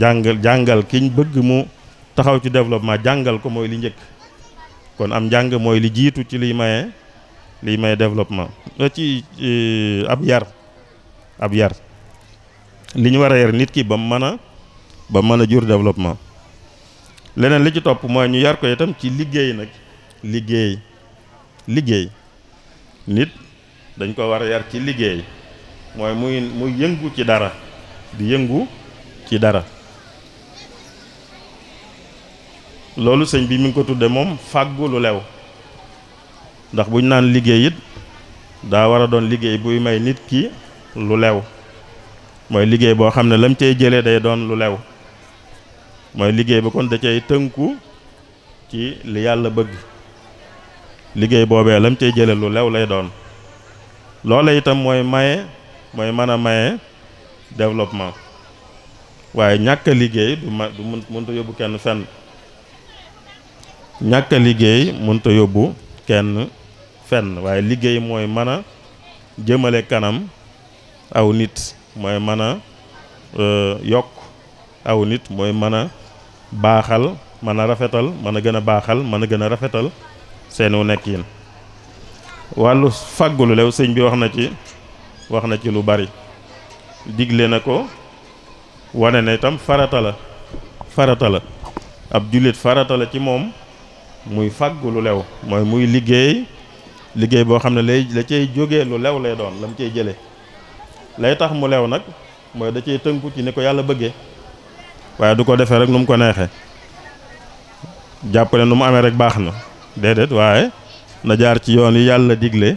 jàngal jàngal kiñ bëgg mu taxaw ci développement jàngal ko mooy li njëkk kon am njàng mooy li jiitu ci liy maye liy maye développement eh, ci ab yar ab yar li ñu war a yar nit ki ba mu mën a ba mën a jur développement leneen li ci topp mooy ñu yar ko itam ci liggéey nag liggéey liggéey nit dañ ko war a yar ci liggéey mooy muy mu yëngu ci dara di yëngu ci dara loolu sëñ bi mi ngi ko tudde moom fàggu lu lew ndax buñ naan liggéey it daa war a doon liggéey buy may nit ki lu lew mooy liggéey boo xam ne lam cay jëlee day doon lu lew mooy liggéey ba kon da cay tënku ci li yàlla bëgg liggéey boobee lam cay jëlee lu lew lay doon loola itam mooy maye mooy mën a maye développement waaye ñàkk a liggéey du ma du mënta yóbbu kenn fenn ñàkk liggéey mënta yóbbu kenn fenn waaye liggéey mooy mën a jëmale kanam aw nit mooy mën a euh, yokk aw nit mooy mën a baaxal mën a rafetal mën a gën a baaxal mën a gën a rafetal wu nekk nekkin wàllu fàggulu lew sëñ bi wax na ci wax na ci lu bari digle na ko wane na itam farata la farata la ab jullit farata la ci moom muy fàggu lew mooy muy liggéey liggéey boo xam ne lay la cay jógee lu lew lay doon la mu cay jëlee lay tax mu lew nag mooy da cay tënku ci ne ko yàlla bëggee waaye du ko defee rek nu mu ko neexe jàpp nu mu amee rek baax na déedéet waaye na jaar ci yoon yi yàlla digle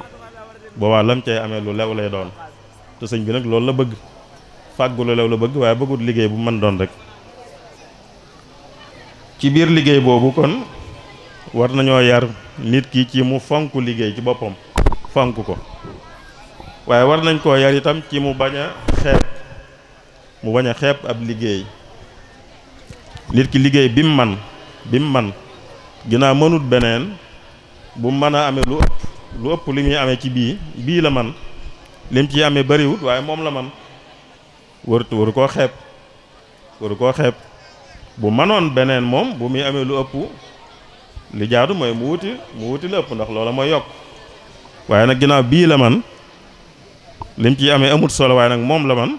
boobaa lam amee lu lew lay doon te sëñ bi nag loolu la bëgg fàggul lu lew la bëgg waaye bëggut liggéey bu mën doon rek ci biir liggéey boobu kon war nañoo yar nit ki ci mu fonk liggéey ci boppam fonk ko waaye war nañ koo yar itam ci mu bañ a xeeb mu bañ a xeeb ab liggéey nit ki liggéey bi mu man bi mu man ginnaaw mënut beneen bu mën a amee lu ëpp lu ëpp li muy amee ci bii bii la man lim ci amee bariwut waaye moom la man warut waru koo xeeb waru koo xeeb bu manoon beneen moom bu muy amee lu ëpp li jaadu mooy mu wuti mu wuti la ëpp ndax loola mooy yokk waaye nag ginnaaw bii la man lim ci amee amut solo waaye nag moom la man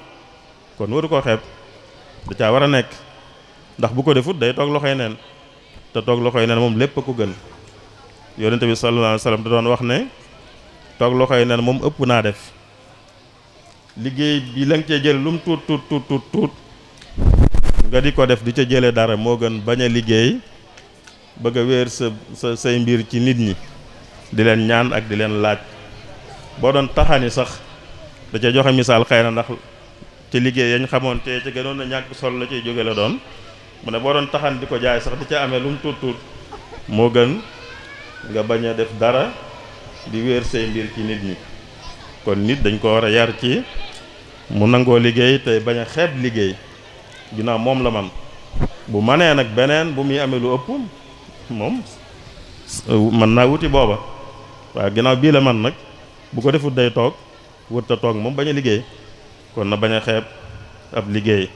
kon waru koo xeeb da caa war a nekk ndax bu ko defut day toog loxoy neen te toog loxoy neen moom lépp a ko gën yonente bi sallallahu alayhi wa da doon wax ne toog loxo yi nen moom ëpp naa def liggéey bi la nga cee jële lu mu tuut tuut nga di ko def di ca jële dara moo gën bañ a liggéey bëgg a wéer sa say mbir ci nit ñi di leen ñaan ak di leen laaj boo doon taxani sax da ca joxe misaal xëy na ndax ci liggéey yañ xamoon te ca gënoon a ñàkk sol la ciy jóge la doon mu ne boo doon taxan di ko jaay sax di ca amee lu mu tuut moo gën nga bañ a def dara di wéer say mbir ci nit ñi kon nit dañ ko war a yar ci mu nangoo liggéey tey bañ a xeeb liggéey ginnaaw moom la man bu manee nag beneen bu muy amee lu ëpp moom euh, mën naa wuti booba waaw ginnaaw bii la man nag bu ko defut day toog wërta toog moom bañ a liggéey kon na bañ a xeeb ab liggéey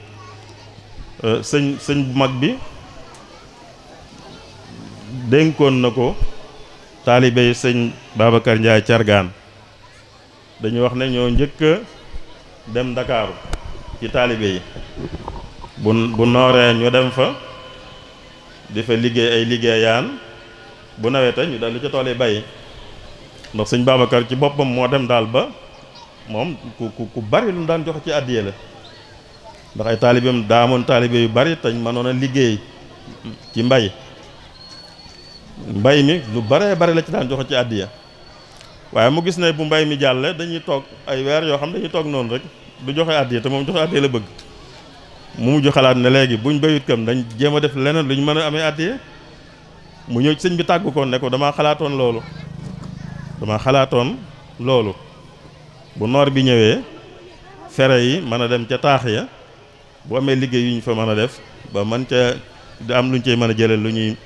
euh, sëñ sëñ bu mag bi dénkoon na ko taalibey sëñ Babacar Ndiaye Cargaan dañu wax ne ñoo njëkk dem Ndakaaru ci taalibe yi bu bu nooree ñu dem fa di fa liggéey ay liggéeyaan bu nawete ñu dal li ca tool bay ndax sëñ Babacar ci boppam moo dem daal ba moom ku ku ku bari lu daan joxe ci àddiya la ndax ay taalibeem daamoon taalibe yu bari tañ mënoon a liggéey ci mbay mbay mi lu bare bare la ci daan joxe ci àddiya waaye mu gis ne bu mbay mi jàlle dañuy toog ay weer yoo xam ne dañuy toog noonu rek du joxe àddiya te moom joxe àddiya la bëgg mu mujj xalaat ne léegi buñ bayut kam dañ jéem a def leneen lu ñu mën a amee àddiya mu ñëw ci sëñ bi tàggu ko ne ko damaa xalaatoon loolu dama xalaatoon loolu bu noor bi ñëwee fere yi mën a dem ca taax ya bu amee liggéey yu ñu fa mën a def ba man ca am luñ cey mën a jëlee lu ñuy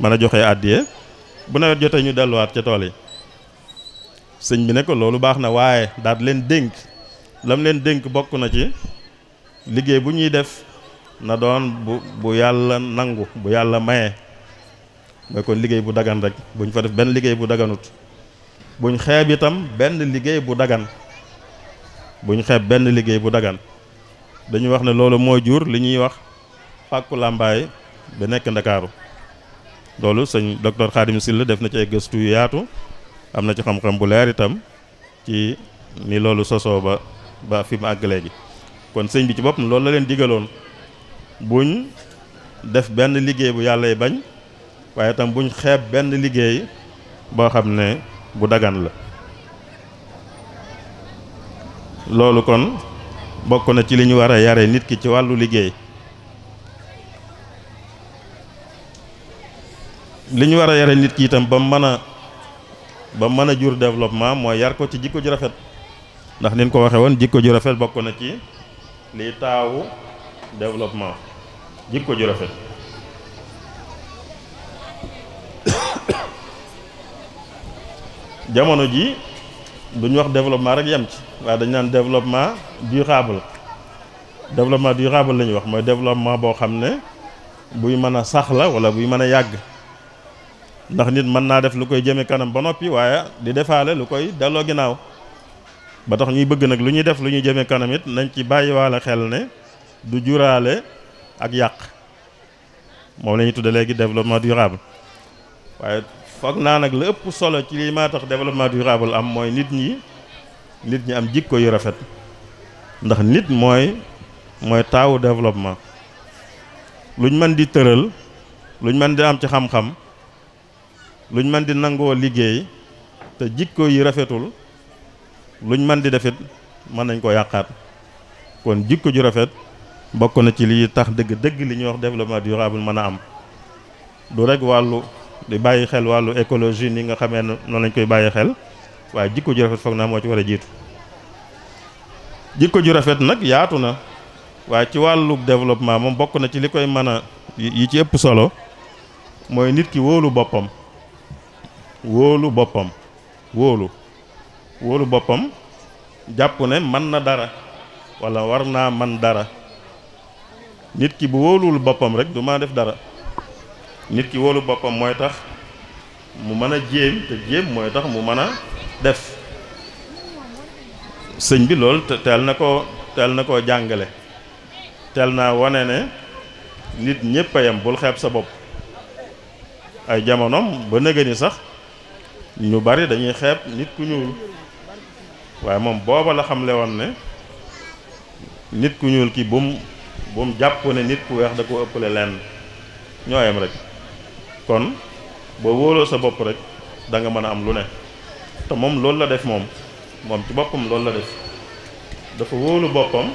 mën a joxe àddiya bu nawet jotee ñu delluwaat ca tool yi sëñ bi ne ko loolu baax na waaye daal leen dénk lam leen dénk bokk na ci liggéey bu ñuy def na doon bu bu yàlla nangu bu yàlla maye mooy kon liggéey bu dagan rek bu fa def benn liggéey bu daganut buñ xeeb itam benn liggéey bu dagan buñ xeeb benn liggéey bu dagan dañuy wax ne loolu moo jur li ñuy wax pàkku làmbaay bi nekk ndakaaru loolu sëñ docteur Khadim Sylla def na ci ay gëstu yu yaatu am na ci xam-xam bu leer itam ci ni loolu sosoo ba ba fi mu àgg léegi kon sëñ bi ci boppam loolu la leen digaloon buñ def benn liggéey bu yàlla bañ waaye itam buñ xeeb benn liggéey boo xam ne bu dagan la loolu kon bokk na ci li ñu war a yare nit ki ci wàllu liggéey li ñu war a yare nit ki itam ba mu mën a ba mën a jur développement mooy yar ko ci jikko ju rafet ndax nin ko waxe woon jikko ju rafet bokk na ci lii taawu développement jikko ju rafet jamono ji duñu wax developpement rek yem ci waaye dañ naan développement durable développement durable la ñuy wax mooy développement boo xam ne buy mën a sax la wala buy mën a yàgg ndax nit mën naa def lu koy jëme kanam ba noppi waaye di defaale lu koy delloo ginnaaw ba tax ñuy bëgg nag lu ñuy def lu ñuy jëme kanam it nañ ci bàyyiwaale xel ne du juraale ak yàq moom la ñuy léegi développement durable waaye foog naa nag la ëpp solo ci lii maa tax développement durable am mooy nit ñi nit ñi am jikko yu rafet ndax nit mooy mooy taawu développement luñ mën di tëral luñ mën di am ci xam-xam luñ mën di nangoo liggéey te jikko yi rafetul luñ mën di defit mën nañ ko yàqaat kon jikko ju rafet bokk na ci li tax dëgg-dëgg li ñuy wax développement durable mën a am du rek wàllu di bàyyi xel wàllu écologie ni nga xamee noonu lañ koy bàyyi xel waaye jikko ju rafet foog naa moo ci war a jiitu jikko ju rafet nag yaatu na waaye ci wàllu développement moom bokk na ci li koy mën a yi ci ëpp solo mooy nit ki wóolu boppam wóolu boppam wóolu wóolu boppam jàpp ne man na dara walla war naa man dara nit ki bu wóoluwul boppam rek du maa def dara nit ki wóolu boppam mooy tax mu mën a jéem te jéem mooy tax mu mën a def sëñ bi lool te teel na koo teel na koo jàngale teel naa wane ne nit ñëpp a yem bul xeeb sa bopp ay jamonoom ba nëgë sax ñu bari dañuy xeeb nit ku ñuul waaye moom booba la xamle woon ne nit ku ñuul ki bum bum jàpp ne nit ku weex da ko ëppale lenn ñoo yem rek kon boo wóoloo sa bopp rek danga mën a am lu ne te moom loolu la def moom moom ci boppam loolu la def dafa wóolu boppam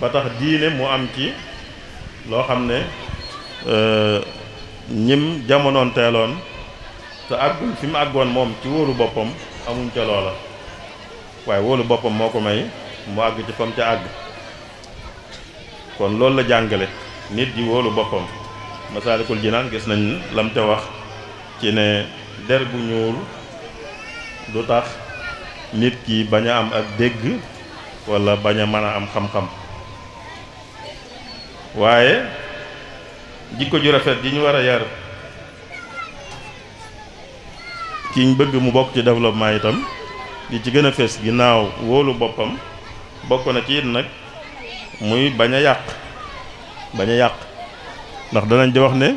ba tax diine mu am ci loo xam ne euh, ñim jamonoon teeloon te àggul fi àggoon moom ci wóolu boppam amuñ ca loola waaye wóolu boppam moo ko may mu àgg ci fam ca àgg kon loolu la jàngale nit gi wóolu boppam masaalikul naan gis nañ lam ca wax ci ne der bu ñuul du tax nit ki bañ a am ak dégg walla bañ a mën a am xam-xam waaye jikko ju rafet yi ñu war a yar kiñ bëgg mu bokk ci développement itam li ci gën a fees ginnaaw woolu boppam bokk na ci it nag muy bañ a yàq bañ a yàq ndax danañ di wax ne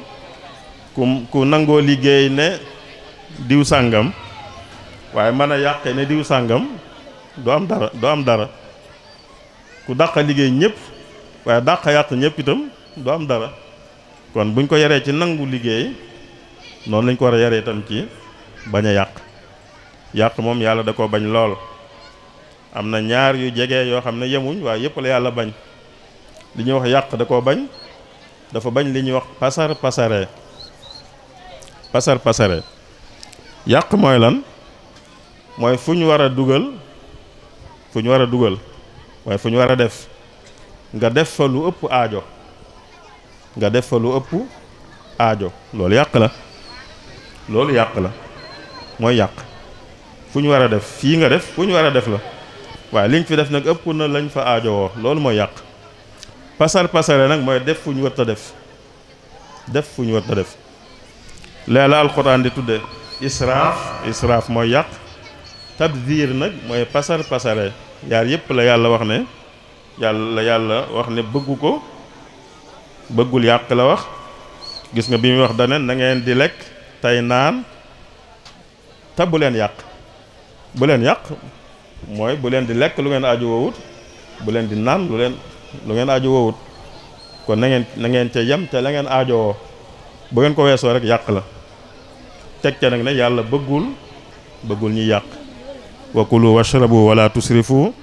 ku ku nangoo liggéey ne diw sàngam waaye mën a yàqe ne diw sàngam du am dara du am dara ku dàq liggéey ñëpp waaye dàq yàq ñëpp itam du am dara kon buñ ko yaree ci nangu liggéey noonu lañ ko war a yaree itam ci bañ a yàq yàq moom yàlla da ko bañ lool am na ñaar yu jege yoo xam ne yemuñ waaye yëpp la yàlla bañ li ñuy wax yàq da koo bañ dafa bañ li ñuy wax pasar pasare pasar pasare yàq mooy lan mooy fu ñu war a dugal fu ñu war a dugal waaye fu ñu war a def nga def fa lu ëpp aajo nga def fa lu ëpp aajo loolu yàq la loolu yàq la mooy yàq fu ñu war a def fii nga def fu ñu war a def la waaye liñ fi def nag ëpp na lañu fa aajowoo loolu mooy yàq pasar pasare nag mooy def fu ñu war a def def fu ñu war a def leela alxuraan di tudde israaf israaf mooy yàq tabdir nag mooy pasar pasare yaar yépp la yàlla wax ne yàlla yàlla wax ne bëggu ko bëggul yàq la wax gis nga bi muy wax dane na ngeen di lekk tey naan te bu leen yàq bu leen yàq mooy bu leen di lekk lu ngeen aju woowut bu leen di naan lu leen lu ngeen aju woowut kon na ngeen na ngeen ca yem te la ngeen aajowoo bu ngeen ko weesoo rek yàq la teg ca nag ne yàlla bëggul bëggul ñi yàq wa kulu washrabu wala tusrifu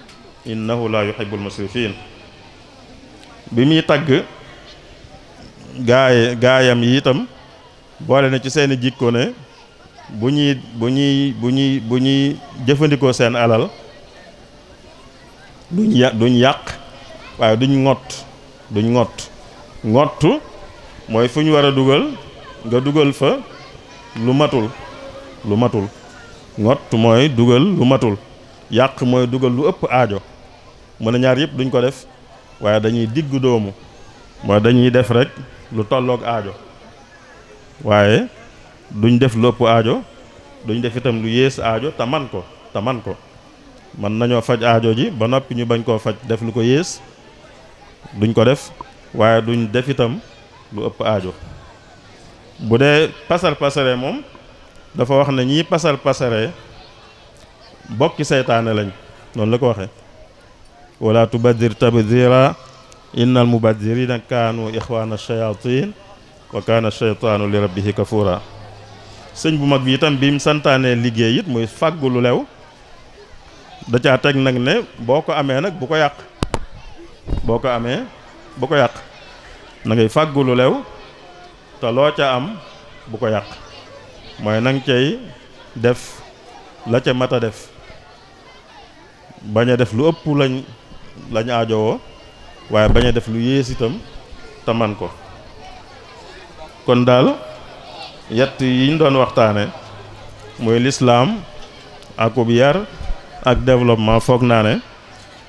innahu la yuhibbul musrifin bi muy tagg gaay gaayam yi itam boole na ci seeni jikko ne bu ñuy bu ñuy bu ñuy bu ñuy jëfandikoo seen alal duñ yàq waaye duñ ngott duñ ngott ngott mooy fu ñu war a dugal nga dugal fa lu matul lu matul ngott mooy dugal lu matul yàq mooy dugal lu ëpp aajo mën a ñaar yëpp duñ ko def waaye dañuy digg doomu mooy dañuy def rekk lu tolloog aajo waaye duñ def lopp aajo duñ def itam lu yées aajo te man ko te man ko mën nañoo faj aajo ji ba noppi ñu bañ koo faj def lu ko yées duñ ko def waaye duñ def itam lu ëpp aajo bu dee pasar pasare moom dafa wax ne ñii pasar pasare bokki seytaane lañ noonu la ko waxee wala tubadir tabdira innal mubadirina kaanu ixwaana shayatin wa kaana shaytaanu li rabbihi kafuura sëñ bu mag bi itam bi mu santaanee liggéey it muy fàggu lew da caa teg nag ne boo ko amee nag bu ko yàq boo ko amee bu ko yàq nangay ngay lew te loo ca am bu ko yàq mooy nang ceey def la ca mat a def bañ a def lu ëpp lañ lañ aajowoo waaye bañ def lu yées itam te man ko kon daal yett yiñ doon waxtaane mooy lislaam akub yar ak développement foog naa ne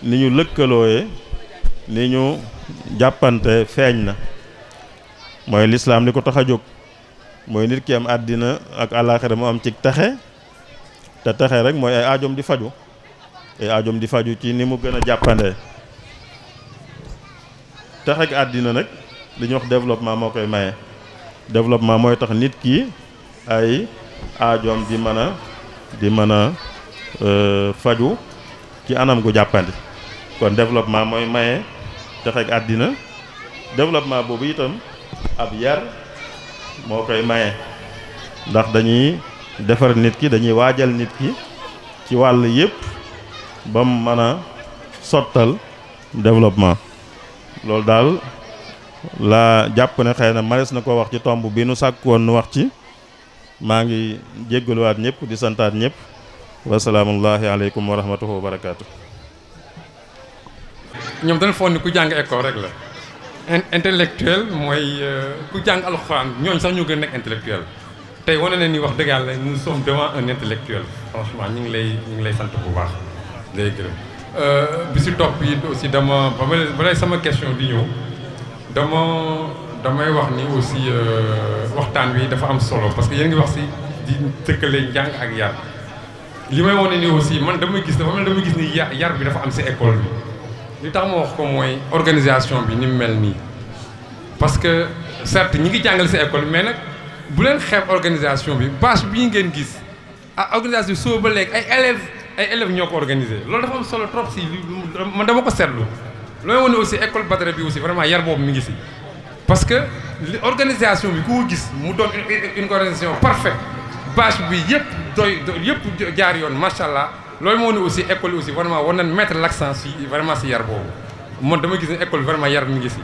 ni ñu lëkkalooyee ni ñu jàppante feeñ na mooy lislaam li ko tax a jóg mooy nit ki am àddina ak àllaaxira mu am ci taxe te taxe rek mooy ay aajom di faju ay aajom di faju ci ni mu gën a jàppandee taxe ak àddina nag li ñuy wax développement moo koy maye développement mooy tax nit ki ay aajoom di mën a di mën a euh, faju ci anam gu jàppandi kon développement mooy maye texeg àddina développement boobu itam ab yar moo koy maye ndax dañuy defar nit ki dañuy waajal nit ki ci wàll yépp ba mu mën a sottal développement loolu daal laa jàpp ne xëy na mares na ko wax ci tomb bi nu sàkk woon nu wax ci maa ngi jéggaluwaat ñépp di santaat ñëpp wasalaamullahi aleykum wa rahmatuhu wa barakaatu. ñoom dañu foog ni ku jàng école rek la intellectuel mooy euh, ku jàng alxuraan ñooñ sax ñoo gën nekk intellectuel tey wane na ni wax dëgg yàlla nous sommes devant un intellectuel franchement ñu ngi lay ñu ngi lay sant bu baax lay gërëm euh, bi si topp it aussi dama ba lay sama question di ñëw dama damay wax ni aussi euh, waxtaan wi dafa am solo parce que yéen ngi wax si di tëkkale njàng ak yar li may wane ni aussi man dama gis dafa mel dama gis ni yar bi dafa am si école bi li tax ma wax ko mooy organisation bi ni mu mel nii parce que certes ñi ngi jàngale si école mais nag bu leen xeeb organisation bi bâche bii ngeen gis ah organisation bi soo ba léegi ay élèves ay élèves ñoo ko organisé loolu dafa am solo trop si man dama ko seetlu looy wane aussi école Badara bi aussi vraiment yar boobu mi ngi si parce que organisation bi koo gis mu doon une organisation parfaite bâche bi yëpp doy yëpp jaar yoon macha allah loolu moo ne aussi école aussi vraiment war nañ mettre l'accent si vraiment si yar boobu man dama gis ne école vraiment yar mu ngi si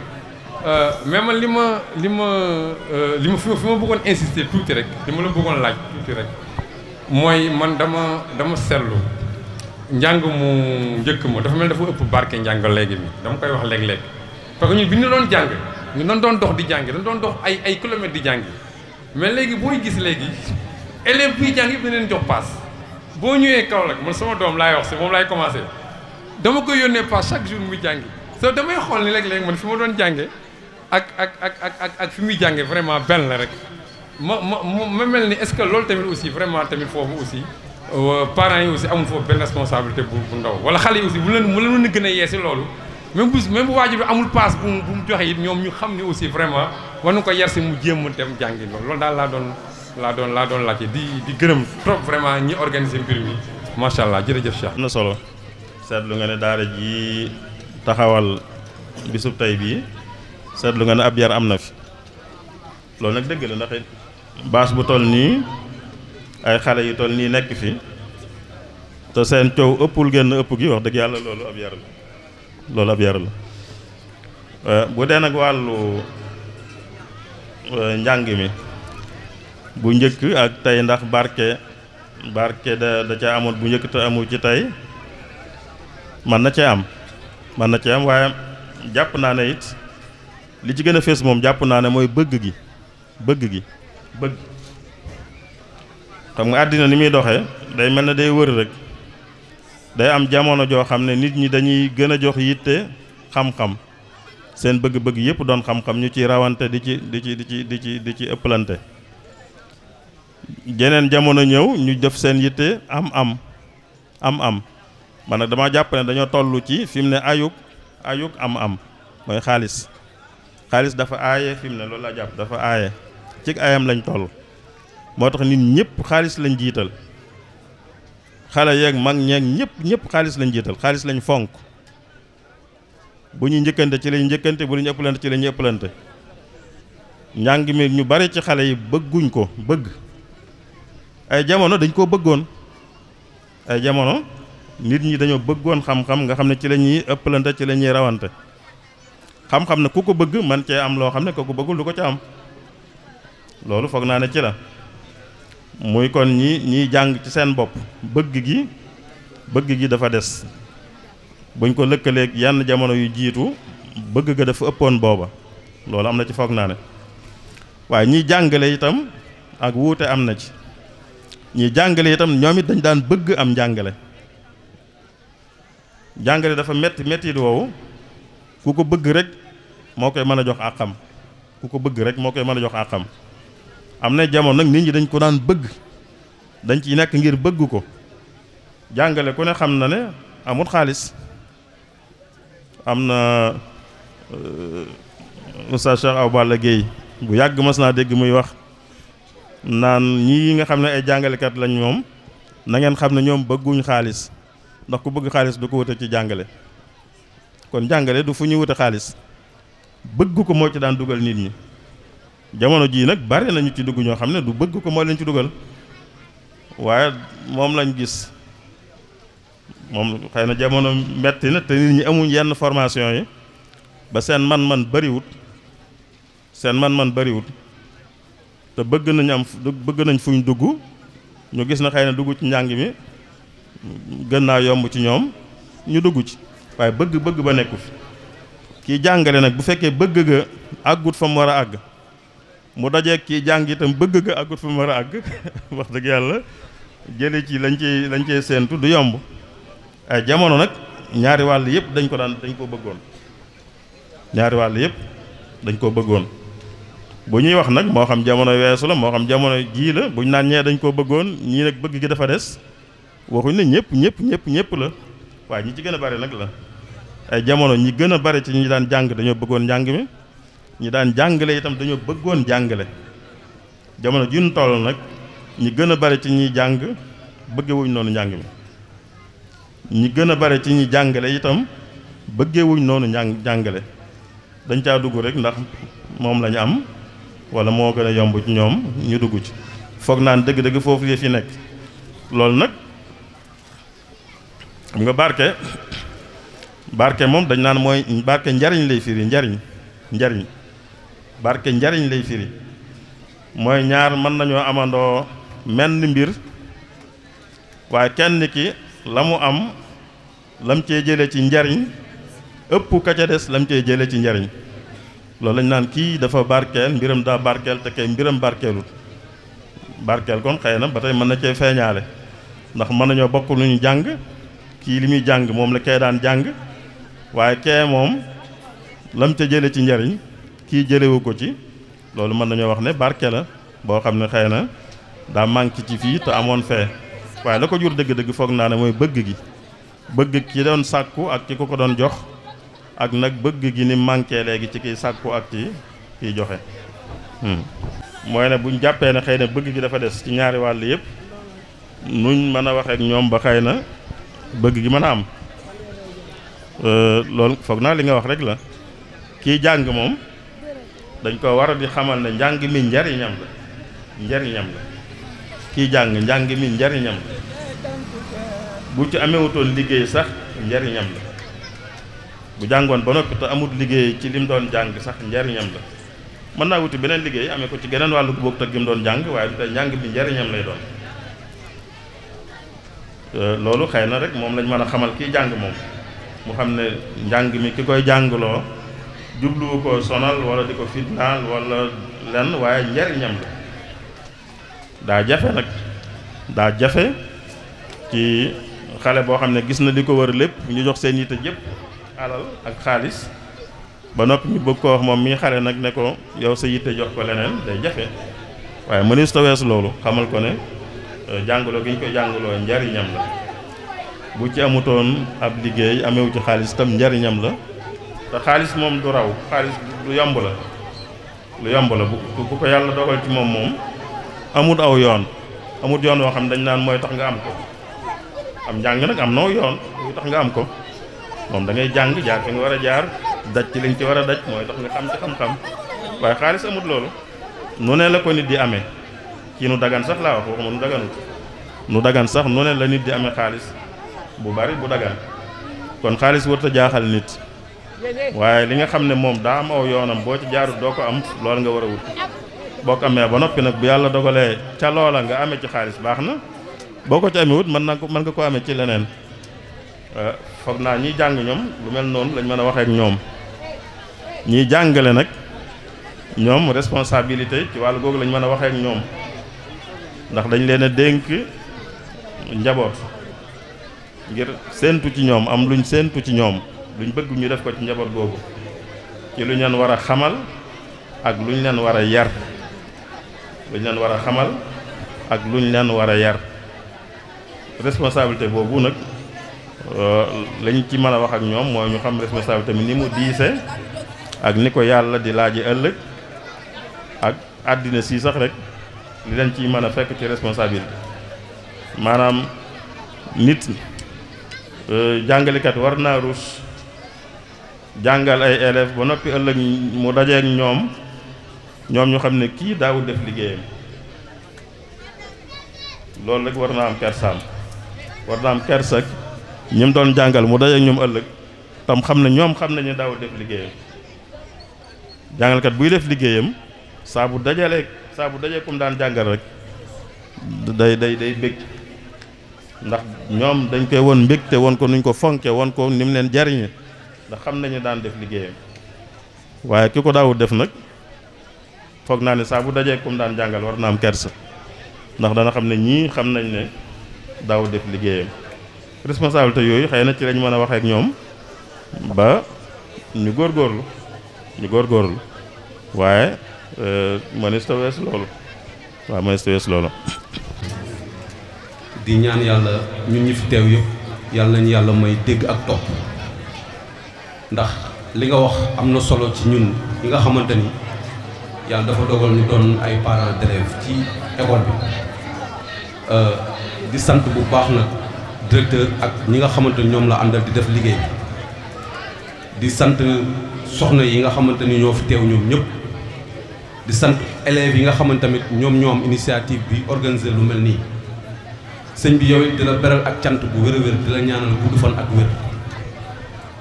euh, mais man li ma li ma euh, li ma fi ma bëggoon insister tuuti rek li ma la bëggoon laaj tuuti rek mooy man dama dama seetlu njàng mu njëkk ma dafa mel dafa ëpp barke njàng léegi mi dama koy wax léeg-léeg parce que ñun bi ñu doon jàng ñu doon doon dox di jàng dañ doon dox ay ay kilomètres di jàng mais léegi booy gis léegi élèves bii jàng yëpp dañ leen jox paas boo ñëwee Kaolack man sama doom laay wax si moom laay commencé dama koy yónnee paas chaque jour muy jàngi soo damay xool ni léeg-léeg man fi ma doon jànge ak ak ak ak ak fi muy jànge vraiment benn la rek ma ma ma mel ni est-ce que loolu tamit aussi vraiment tamit foofu aussi Euh, parent yi aussi amul foofu benn responsabilité bu ndaw wala xale yi aussi bu leen mu leen gën a yee si loolu même bu même bu waajur bi amul paas bu mu joxe it ñoom ñu xam ne aussi vraiment war na ko yar si mu jéem dem jàngi loolu loolu daal laa doon laa doon laa doon laajte di di gërëm trop vraiment ñi organiser mbir mi macha allah jërëjëf Cheikh. am na solo seet lu nga ne daara ji taxawal bisub tey bii seetlu nga ne ab yar am na fi loolu nag dëgg la ndax bâche ay xale yu toll nii nekk fi te seen coow ëppul génn ëpp gi wax dëgg yàlla loolu ab yar la loolu ab yar la euh, bu dee nag wàllu euh, njàng mi bu njëkk ak tey ndax barke barke da da ca amoon bu njëkk te amul ci tey man na cee am man na cee am waaye jàpp naa ne it li ci gën a fees moom jàpp naa ne mooy bëgg gi bëgg gi bëgg xam nga àddina ni muy doxee day mel ne day wëri rek day am jamono joo xam ne nit ñi dañuy gën a jox yitte xam-xam seen bëgg-bëgg yëpp doon xam-xam ñu ci rawante di ci di ci di ci di ci di ci ëppalante jeneen jamono ñëw ñu def seen yitte am am am am man nag dama jàpp ne dañoo tollu ci fi mu ne ayuk ayuk am am mooy xaalis xaalis dafa aaye fi mu ne loolu laa jàpp dafa aaye ci ayam lañ toll moo tax nit ñëpp xaalis lañ jiital xale yeeg mag ñeeg ñëpp ñëpp xaalis lañ jiital xaalis lañu fonk bu ñu njëkkante ci lañ njëkkante bu ñu ëppalante ci la ñu ëppalante njàng mi ñu bari ci xale yi bëgguñ ko bëgg ay jamono dañ koo bëggoon ay jamono nit ñi dañoo bëggoon xam-xam nga xam ne ci lañuy ñuy ci lañuy rawante xam-xam ne ku ko bëgg man cee am loo xam ne ku ko bëggul du ko ca am loolu foog naa ne ci la muy kon ñi ñiy jàng ci seen bopp bëgg gi bëgg gi dafa des buñ ko lëkkaleeg yenn jamono yu jiitu bëgg ga dafa ëppoon booba loolu am na ci foog naa ne waaye ñiy jàngale itam ak wuute am na ci ñuy jàngale itam ñoom it dañ daan bëgg am njàngale jàngale dafa metti metti di woowu ku ko bëgg rek moo koy mën a jox àqam ku ko bëgg rek moo koy mën a jox àqam am na jamono nag nit ñi dañ ko daan bëgg dañ ci nekk ngir bëgg ko jàngale ku ne xam na ne amut xaalis am na euh, Oustaz Cheikh Aw Balla Guèye bu yàgg mës naa dégg muy wax naan ñi nga xam ne ay jàngalekat lañ moom na ngeen xam ne ñoom bëgguñu xaalis ndax ku bëgg xaalis du ko wute ci jàngale kon jàngale du fu ñuy wute xaalis bëgg ko moo ci daan dugal nit ñi jamono jii nag bari nañu ci dugg ñoo xam ne du bëgg ko moo leen ci dugal waaye moom lañu gis moom xëy na jamono metti na te nit ñi amuñ yenn formation yi ba seen man-man bariwut seen man-man bariwut te bëgg nañ am bëgg nañ fuñ dugg ñu gis na xëy na dugg ci njàng mi gën naa yomb ci ñoom ñu dugg ci waaye bëgg-bëgg ba nekku fi kii jàngale nag bu fekkee bëgg ga àggut fa mu war a àgg mu dajeeg kii jàng itam bëgg ga àggut fa mu war a àgg wax dëgg yàlla jële ci lañ cey lañ cey séentu du yomb ay eh, jamono nag ñaari wàll yëpp dañ ko daan dañ ko bëggoon ñaari wàll yëpp dañ ko bëggoon bu ñuy wax nag moo xam jamono weesu la moo xam jamono jii la buñ naan ñee dañ ko bëggoon ñii nag bëgg gi dafa des waxuñ ne ñëpp ñëpp ñëpp ñëpp la waaye ñi ci gën a bari nag la ay eh, jamono ñi gën a bari ci ñi daan jàng dañoo bëggoon njàng mi ñi daan jàngale itam dañoo bëggoon jàngale jamono ji ñu toll nag ñi gën a bare ci ñuy jàng bëggewuñ noonu njàng mi ñi gën a bare ci ñuy jàngale itam bëggewuñ noonu njàng jàngale dañ caa dugg rek ndax moom lañu am wala moo gën a yomb ñoom ñu dugg ci foog naan dëgg-dëgg foofu yëf yi nekk loolu nag xam nga barke barke moom dañ naan mooy barke njariñ lay firi njariñ njariñ barke njariñ lay firi mooy ñaar mën nañoo amandoo menn mbir waaye kenn ki la mu am lam cee jële ci njariñ ëpp ka ca des lam cee jële ci njariñ loolu lañ naan kii dafa barkeel mbiram daa barkeel te kay mbiram barkeelut barkeel kon xëy na ba tey mën na cee feeñaale ndax mën nañoo bokk lu ñu jàng kii li muy jàng moom la kee daan jàng waaye kee moom lam ca jële ci njariñ kii jëlewu ko ci loolu mën nañoo wax ne barke la boo xam ne xëy na daa manqué ci fii te amoon fee waaye la ko jur dëgg-dëgg foog naa ne mooy bëgg gi bëgg ci doon sàkku ak ki ko ko doon jox ak nag bëgg gi ni manqué léegi ci kiy sàkku ak ci kiy joxe hmm. mooy ne buñ jàppee ne xëy na bëgg gi dafa des ci ñaari wàll yëpp nuñ mën a waxee ñoom ba xëy na bëgg gi mën a am euh, loolu foog naa li nga wax rek la kiy jàng moom dañ ko war a di xamal ne njàng mi njariñam la njariñam la kii jàng njàng mi njariñam bu ci amee amewutoon liggéey sax njariñam la bu jàngoon ba noppi te amul liggéey ci lim doon jàng sax njariñam la mën naa wuti beneen liggéey amee ko ci geneen wàllu gu bokk ak gi doon jàng waaye du tey njàng mi njariñam lay doon loolu xëy na rek moom lañ mën a xamal kii jàng moom mu xam ne njàng mi ki koy jàngloo jubluwu ko sonal wala di ko fitnaal wala lenn waaye njariñam la daa jafe nag daa jafe ci xale boo xam ne gis na li ko wër lépp ñu jox seen yitte jëpp alal ak xaalis ba noppi ñu bëgg ko wax moom mii xale nag ne ko yow sa yitte jox ko leneen day jafe waaye mënees ta wees loolu xamal ko ne euh, jàngaloo gi ñu ko jàngaloo njariñam la bu ci amutoon ab liggéey amewu ci xaalis tam njariñam la te xaalis moom du raw xaalis lu yomb la lu yomb la bu ko yàlla dogal ci moom moom amut aw yoon amut yoon woo xam dañ naan mooy tax nga am ko am njàng nag am noo yoon luy tax nga am ko moom dangay ngay jàng jaar fi nga war a jaar daj ci li ci war a daj mooy tax nga xam ci xam-xam waaye xaalis amut loolu nu ne la ko nit di amee ci nu dagan sax laa wax waxuma nu daganut nu dagan sax nu ne la nit di amee xaalis bu bari bu dagan kon xaalis warut a jaaxal waaye li nga xam ne moom daa am aw yoonam boo ci jaarut doo ko am lool nga war a wut boo ko amee ba noppi nag bu yàlla dogalee ca loola nga amee ci xaalis baax na boo ko ci amee wut mën na mën nga ko amee ci leneen euh, foog naa ñiy jàng ñoom lu mel noonu lañ mën a waxee ak ñoom ñiy jàngale nag ñoom responsabilité ci wàllu googu lañ mën a waxee ak ñoom ndax dañ leen a dénk njaboot ngir séentu ci ñoom am luñ séentu ci ñoom. lu ñu bëgg ñu def ko ci njaboot boobu ci luñ leen war a xamal ak lu luñ leen war a yar luñ leen war a xamal ak luñ leen war a yar responsabilité boobu nag euh, lañ ci mën a wax ak ñoom mooy ñu xam responsabilité bi ni mu diise ak ni ko yàlla di laaji ëllëg ak àddina si rek li leen ciy mën a fekk ci responsabilité maanaam nit euh, jàngalekat war naa ruus jàngal ay élèves ba noppi ëllëg mu dajeek ñoom ñoom ñu xam ne kii daawul def liggéeyam loolu rek war naa am kersaam war naa am kersak ñi doon jàngal mu dajeek ñoom ëllëg tam xam ne ñoom xam nañu daawul def liggéeyam jàngalkat buy def liggéeyam saa bu dajalee saa bu dajee daan jàngal rek day day day bég ndax ñoom dañ koy won mbégte woon ko nuñ ko fonke woon ko ni mu leen jariñe ndax xam nañu daan def liggéeyam waaye ki ko daawul def nag foog naa ne saabu bu dajee kum daan jàngal war na am kersa ndax dana xam ne ñii xam nañ ne daawul def liggéeyam responsabilité yooyu xëy na ci lañ mën a waxee ak ñoom ba ñu góor góorlu ñu góor góorgóorlu waaye euh, mënees ta wees loolu waaw mënees ta loolu di ñaan yàlla ñun ñi fi teew yëpp yàlla nañu yàlla may dégg ak topp ndax li nga wax am na solo ci ñun ñi nga xamante ni yàlla dafa dogal ñu doon ay parents d'élèves ci école bi euh, di sant bu baax nag directeur ak ñi nga xamante ni ñoom la àndal di def liggéey bi di sant soxna yi nga xamante ni ñoo fi teew ñoom ñëpp di sant élèves yi nga xamante tamit ñoom ñoom am initiative bi organiser lu mel nii sëñ bi yow it di la beral ak cant bu wér a wér di la ñaanal gudd fan ak wér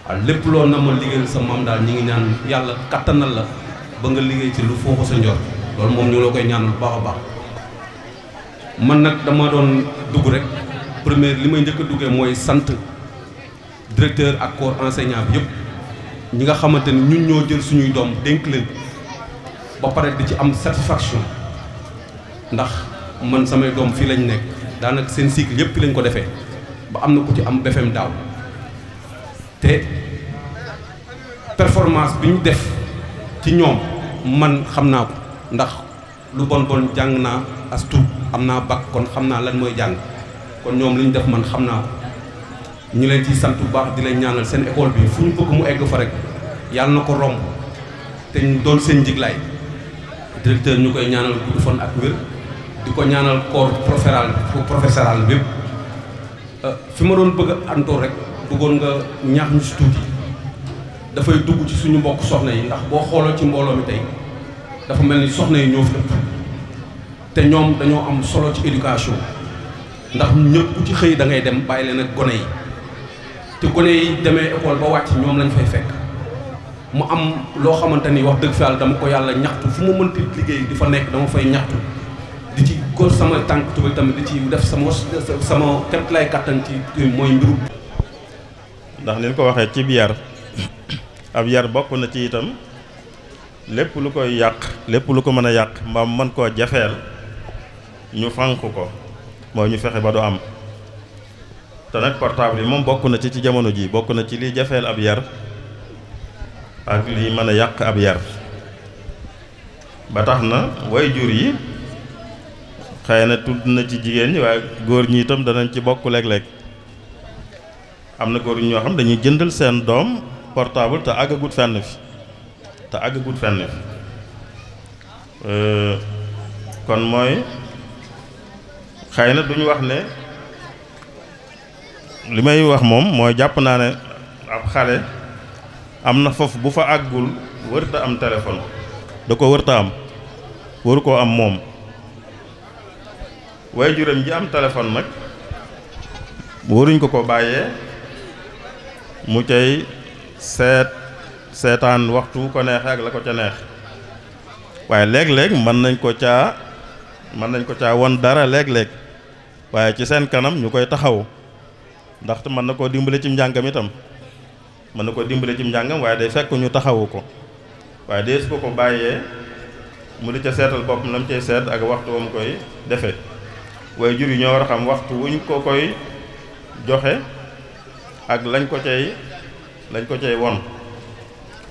waaw lépp loo na ma liggéeyal sa maam daal ñi ngi ñaan yàlla kattanal la ba nga liggéey ci lu foofu sa njor loolu moom ñu la koy ñaan bu baax man nag dama doon dugg rek première li may njëkk a duggee mooy sant directeur ak corps enseignant bi yëpp ñi nga xamante ni ñun ñoo jël suñuy doom dénk leen ba pare di ci am satisfaction ndax man samay doom fii lañ nekk daanaka seen cycle yëpp lañ ko defee ba am na ku ci am BFEM daaw te performance bi ñu def ci ñoom man xam naa ko ndax lu bon bon jàng naa as am naa bac kon xam naa lan mooy jàng kon ñoom li ñu def man xam naa ko ñu leen ciy sant bu baax di leen ñaanal seen école bi fu ñu bëgg mu egg fa rek yàlla na ko romb te ñu doon seen njiglaay directeur ñu koy ñaanal gudd fan ak wér di ko ñaanal corps professoral professoral bépp euh, fi ma doon bëgg a àndoo rek. bëggoon nga ñaax ñu si tuuti dafay dugg ci suñu mbokk soxna yi ndax boo xooloo ci mbooloo mi tey dafa mel ni soxna yi ñoo fi te ñoom dañoo am solo ci éducation ndax ñëpp ci xëy da ngay dem bàyyi leen ak gone yi te gone yi demee école ba wàcc ñoom lañ fay fekk mu am loo xamante ni wax dëgg fa yàlla dama ko yàlla ñaxtu fu ma mënti liggéey di fa nekk dama fay ñaxtu di ci góor sama tànk tubal tamit di ci def sama sama képp lay kàttan ci mooy mbiru ndax ni ñu ko waxee cib yar ab yar bokk na ci itam lépp lu koy yàq lépp lu ko mën a yàq mbaam mën koo jafeel ñu fànq ko mooy ñu fexe ba du am te nag portable yi moom bokk na ci ci jamono ji bokk na ci liy jafeel ab yar ak liy mën a yàq ab yar ba tax na way jur yi xëy na tudd na ci jigéen ñi waaye góor ñi itam danañ ci bokk léeg-léeg am na góor yoo xam dañuy jëndal seen doom portable te àggagut fenn fi te àggagut fenn fi euh, kon mooy xëy na duñu wax ne li may wax moom mooy jàpp naa ne ab xale am na foofu bu fa àggul wërta am téléphone da ko wërta am waru koo am moom way juróom ji am téléphone nag waruñ ko ko bàyyee mu cay seet seetaan waxtu ko neexe ak la ko ca neex waaye léeg-léeg mën nañ ko caa mën nañ ko caa won dara léeg-léeg waaye ci seen kanam ñu koy taxaw ndaxte mën na koo dimbale ci njàngam itam mën na koo dimbale ci njàngam waaye day fekk ñu taxawu ko waaye dee su ko ko bàyyee mu di ca seetal boppam la mu cay seet ak waxtu mu koy defe waaye jur yi ñoo war a xam waxtu wuñ ko koy joxe ak lañ ko cay lañ ko cay won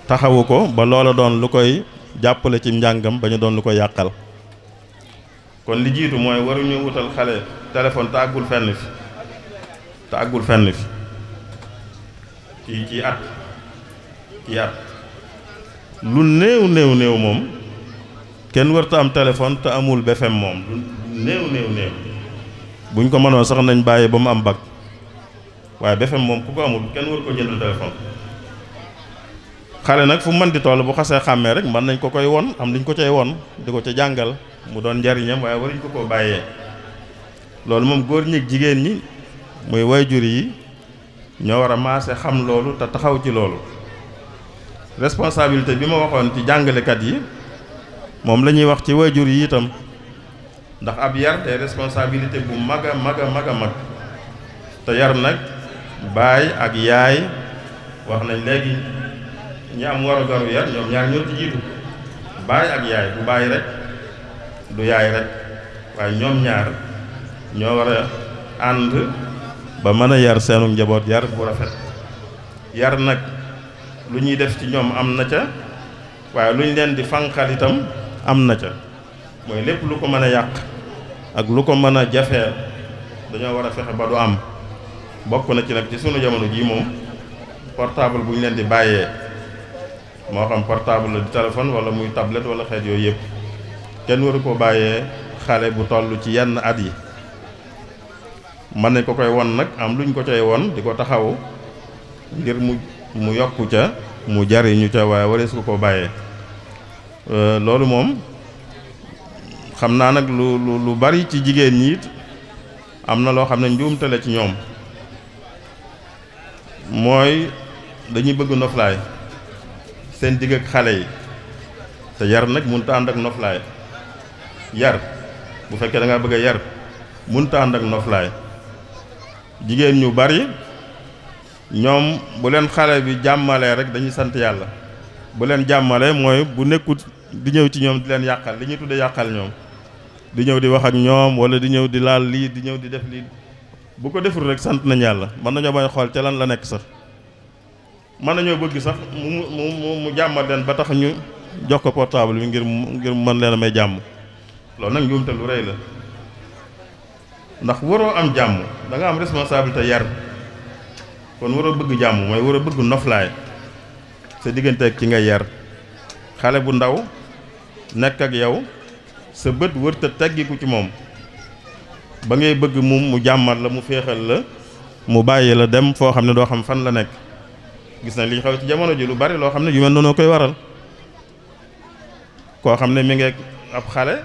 taxawu ko ba loola doon lu koy jàppale ci njàngam ba ñu doon lu ko yàqal kon li jiitu mooy waruñu wutal xale téléphone te àggul fenn fi te fenn fi ci ci at ci at lu néew néew néew moom kenn warta am téléphone te amul BFM moom lu néew néew néew buñ ko mënoon sax nañu bàyyi ba mu am bac waaye BFM moom ku ko amul kenn waru ko jëndal téléphone xale nag fu mën di toll bu xasee xàmmee rek mën nañ ko koy won am liñ ko cay won di ko ci jàngal mu doon njariñam waaye waruñ ko koo bàyyee loolu moom góor ñi jigéen ñi muy wayjur yi ñoo war a maase xam loolu te taxaw ci loolu responsabilité bi ma waxoon ci jàngalekat yi moom la ñuy wax ci wayjur yi itam ndax ab yar te responsabilité bu mag a mag a mag a mag te yar nag baay ak yaay wax nañ léegi ñi am war a garu yar ñoom ñaar ñoo ci baay ak yaay bu baay rek du yaay rek waaye ñoom ñaar ñoo war a ànd ba mën a yar seenu njaboot yar bu rafet yar nag lu ñuy def ci ñoom am na ca waaye lu ñu leen di fanqal am na ca mooy lépp lu ko mën a yàq ak lu ko mën a jafeel dañoo war a fexe ba du am bokk na ci nag ci sunu jamono jii moom portable bu ñu leen di bàyyee moo xam portable la di téléphone wala muy tablet wala xeet yooyu yëpp kenn waru ko bàyyee xale bu toll ci yenn at yi mën nañ ko koy won nag am lu luñ ko coy won di ko taxawu ngir mu mu yokku ca mu jariñu ca waaye warees ko koo bàyyee euh, loolu moom xam naa nag lu lu lu bari ci jigéen ñiit am na loo xam ne njuumte la ci ñoom mooy dañuy bëgg noflaay seen digg ak xale yi te yar nag mënta ànd ak noflaay yar bu fekkee da nga bëgg a yar mënta ànd ak noflaay jigéen ñu bari ñoom bu leen xale bi jàmmalee rek dañuy sant yàlla bu leen jàmmalee mooy bu nekkut di ñëw ci ñoom di leen yàqal li ñuy tudde yàqal ñoom di ñëw di wax ak ñoom wala di ñëw di laal lii di ñëw di def lii bu ko deful rek sant nañ yàlla mën nañoo bañ xool ca lan la nekk sax mën nañoo bëgg sax mu mu mu jàmmal leen ba tax ñu jox ko portable bi ngir ngir mën leen a may jàmm loolu nag njuumte lu rëy la ndax waroo am jàmm danga am am responsabilité yar kon waroo bëgg jàmm mooy waroo bëgg noflaay sa diggante ak ki nga yar xale bu ndaw nekk ak yow sa bët wërta teggiku ci moom ba ngay bëgg mu mu jàmmal la mu féexal la mu bàyyi la dem foo xam ne doo xam fan la nekk gis na li xew ci jamono ji lu bari loo xam ne yu mel noonu koy waral koo xam ne mi ngi ab xale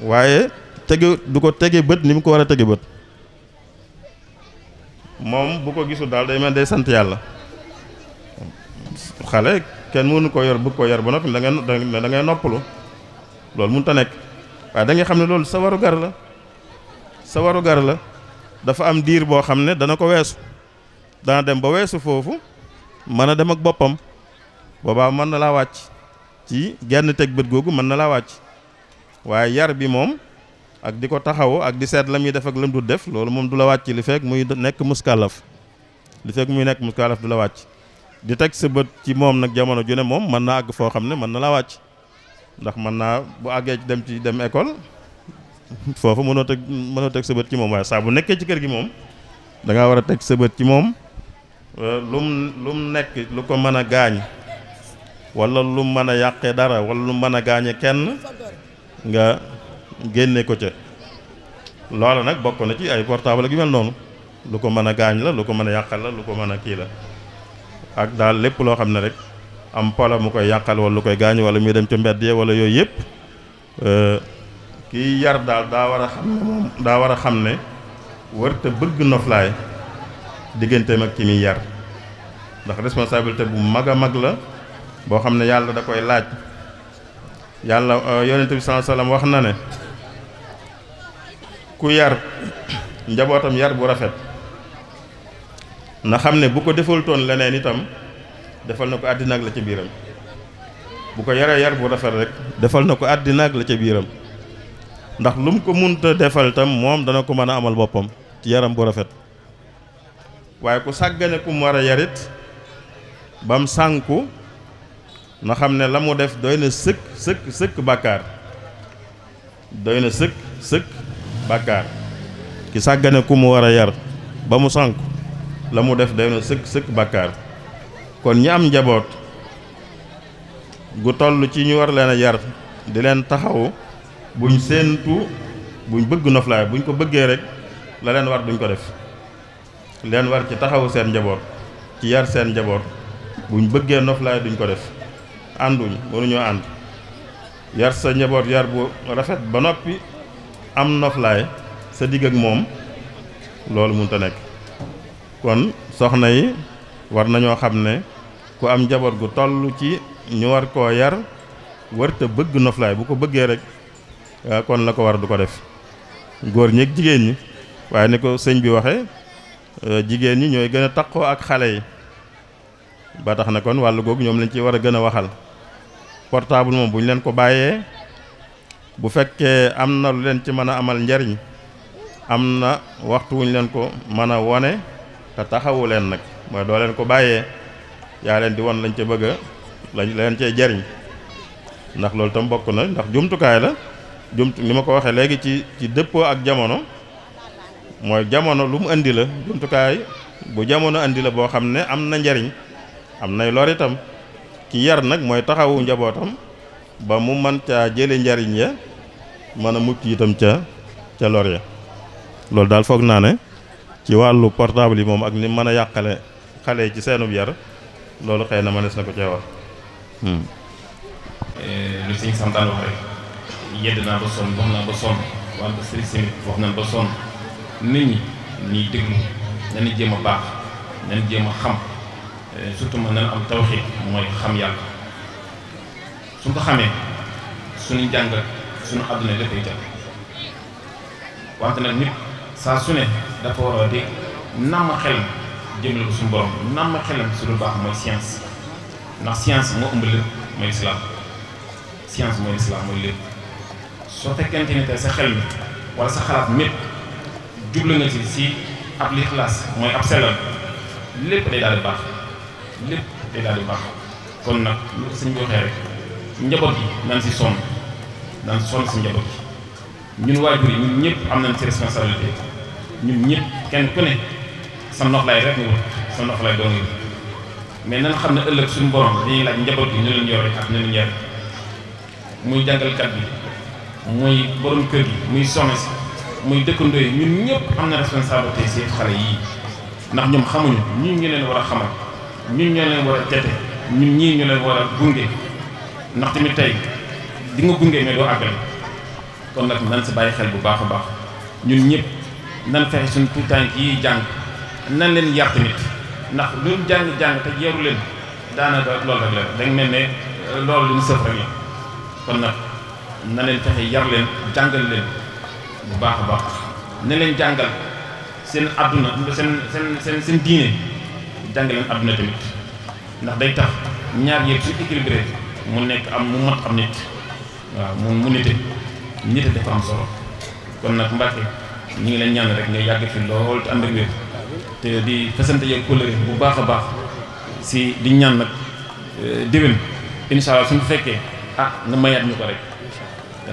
waaye tege du ko tege bët ni mu ko war a tege bët moom bu ko gisul daal day mel day sant yàlla xale kenn mënu ko yor bëgg ko yor ba noppi da ngay da ngay noppalu loolu mënut a nekk waaye da xam ne loolu sa warugar la. sa warugar la dafa am diir boo xam ne dana ko weesu dana dem ba weesu foofu mën a dem ak boppam boobaa mën na laa wàcc ci genn teg bët googu mën na laa wàcc waaye yar bi moom ak di ko taxawu ak di seet la muy def ak lam du def loolu moom du la wàcc li fekk muy nekk muskàllaf li fekk muy nekk muskàllaf du la wàcc di teg sa bët ci moom nag jamono ju ne moom mën naa àgg foo xam ne mën na laa wàcc ndax mën naa bu àggee dem ci dem école foofu mënoo teg mënoo teg sa bët ci moom waaye saa bu nekkee ci kër gi moom danga war a teg sa bët ci moom euh, lu mu nekk lu ko mën a gaañ wala lu mu mën a yàqee dara wala lu mën a gaañee kenn nga génne ko ca loolu nag bokk na ci ay portable ak yu mel noonu lu ko mën a gaañ la lu ko mën a yàqal la lu ko mën a kii la ak daal lépp loo xam ne rek am polo mu koy yàqal wala lu koy gaañ wala muy dem ca mbedd ya wala yooyu yépp euh, kii yar daal daa war a xam ne moom daa war a xam ne wërta bëgg noflaay digganteem ak ki muy yar ndax responsabilité bu mag a mag la boo xam ne yàlla da koy laaj yàlla euh, yonent bi sallallahu alayhi wax na ne ku yar njabootam yar bu rafet na xam ne bu ko defal toon leneen itam defal na ko àddina la ca biiram bu ko yaree yar bu rafet rek defal na ko àddina la ca biiram ndax lu mu ko munta defal itam moom dana ko mën a amal boppam ci yaram bu rafet waaye ku sàggane ku mu war a yarit bam sànku na xam ne la mu def doy na sëkk sëkk sëkk bàkkaar doy na sëkk sëkk bàkkaar ki sàggane ku mu war a yar ba mu sànku la mu def doy na sëkk sëkk bàkkaar kon ñi am njaboot gu toll ci ñu war leen a yar di leen taxawu buñ séentu buñ bëgg noflaay buñ ko bëggee rek la leen war duñ ko def leen war ci taxawu seen njaboot ci yar seen njaboot buñ bëggee noflaay duñ ko def ànduñ mënuñoo ànd yar sa njaboot yar bu rafet ba noppi am noflaay sa digg ak moom loolu mënut a nekk kon soxna yi war nañoo xam ne ku am njaboot gu tollu ci ñu war koo yar wërta bëgg noflaay bu ko bëggee rek kon la ko war du ko def góor ñeeg jigéen ñi waaye ni ko sëñ bi waxee euh, jigéen ñi ñooy gën a taqoo ak xale yi ba tax na kon wàllu googu ñoom lañ ci war a gën a waxal portable moom bu ñu leen ko bàyyee bu fekkee am na lu leen ci mën a amal njariñ am na waxtu wuñ leen ko mën a wone te taxawu leen nag mooy doo leen ko bàyyee yaa leen di won lañ ca bëgg a lañ leen cee jariñ ndax loolu tam bokk na ndax jumtukaay la jumtu li ma ko waxee léegi ci ci dëppoo ak jamono mooy jamono lu mu indi la jumtukaay bu jamono indi la boo xam ne am na njariñ am nay lor itam ki yar nag mooy taxawu njabootam ba mu mën caa jële njariñ ya mën a mucc itam ca ca lor ya loolu daal foog naa ne ci wàllu portable yi moom ak ni mën a yàqale xale yi ci seenub yar loolu xëy na mënees na ko cee yedd naa ba sonn wax naa ba sonn wante sëriñ simit wax nañ ba sonn nit ñi ñuy déglu nañu jéem a baax nañu jéem a xam euh, surtout ma nañu am tawxiid mooy xam yàlla suñ ko xamee suñu jàngat suñu àdduna dafay jàpp wante nag nit saa su ne dafa war a di nàmm xelam jëmale ko suñu borom nàmm xelam su lu baax mooy science ndax science moo ëmb lépp mooy islam science mooy islam mooy lépp soo fekkente ni tey sa xel mi wala sa xalaat mépp jublu nga ci si ab lixlaas mooy ab sellal lépp day daal baax lépp day daal di baax kon nag lu ko sëñ bi rek njaboot yi nan si sonn nan sonn si njaboot yi ñun waajur yi ñun ñëpp am nañ si responsabilité ñun ñëpp kenn ku ne sa noflaay rek nga wut sa noflaay doo nga mais nan xam ne ëllëg suñu borom dañuy laaj njaboot yi ñu leen yore ak ñu leen yore muy jàngalkat bi muy borom kër gi muy soxna muy dëkkandoo yi ñun ñëpp am na responsabilité si xale yii ndax ñoom xamuñu ñun ñu war a xamal ñun ñoo leen war a tete ñun ñii ñu leen war a gunge ndax tamit tey di nga gunge mais doo àggale kon nag nan si bàyyi xel bu baax a baax ñun ñëpp nan fexe suñu tout tànk yi jàng nan leen yar tamit ndax luñ jàng-jàng te yeeru leen daanaka lool rek la danga mel ne loolu lu ñu sëf rek la kon nag na leen fexe yar leen jàngal leen bu baax a baax ne leen jàngal seen àdduna seen seen seen seen diine jàng àdduna tamit ndax day tax ñaar yëpp su équilibré mu nekk am mu mat am nit waaw mu mu nite nite dafa am solo kon nag Mbàkke ñu ngi leen ñaan rek nga yàgg fi lool te ànd te di fesante yeeg kóllëre bu baax a baax si di ñaan nag eh, déwén incha allah suñu fekkee ah nga mayaat ñu ko rek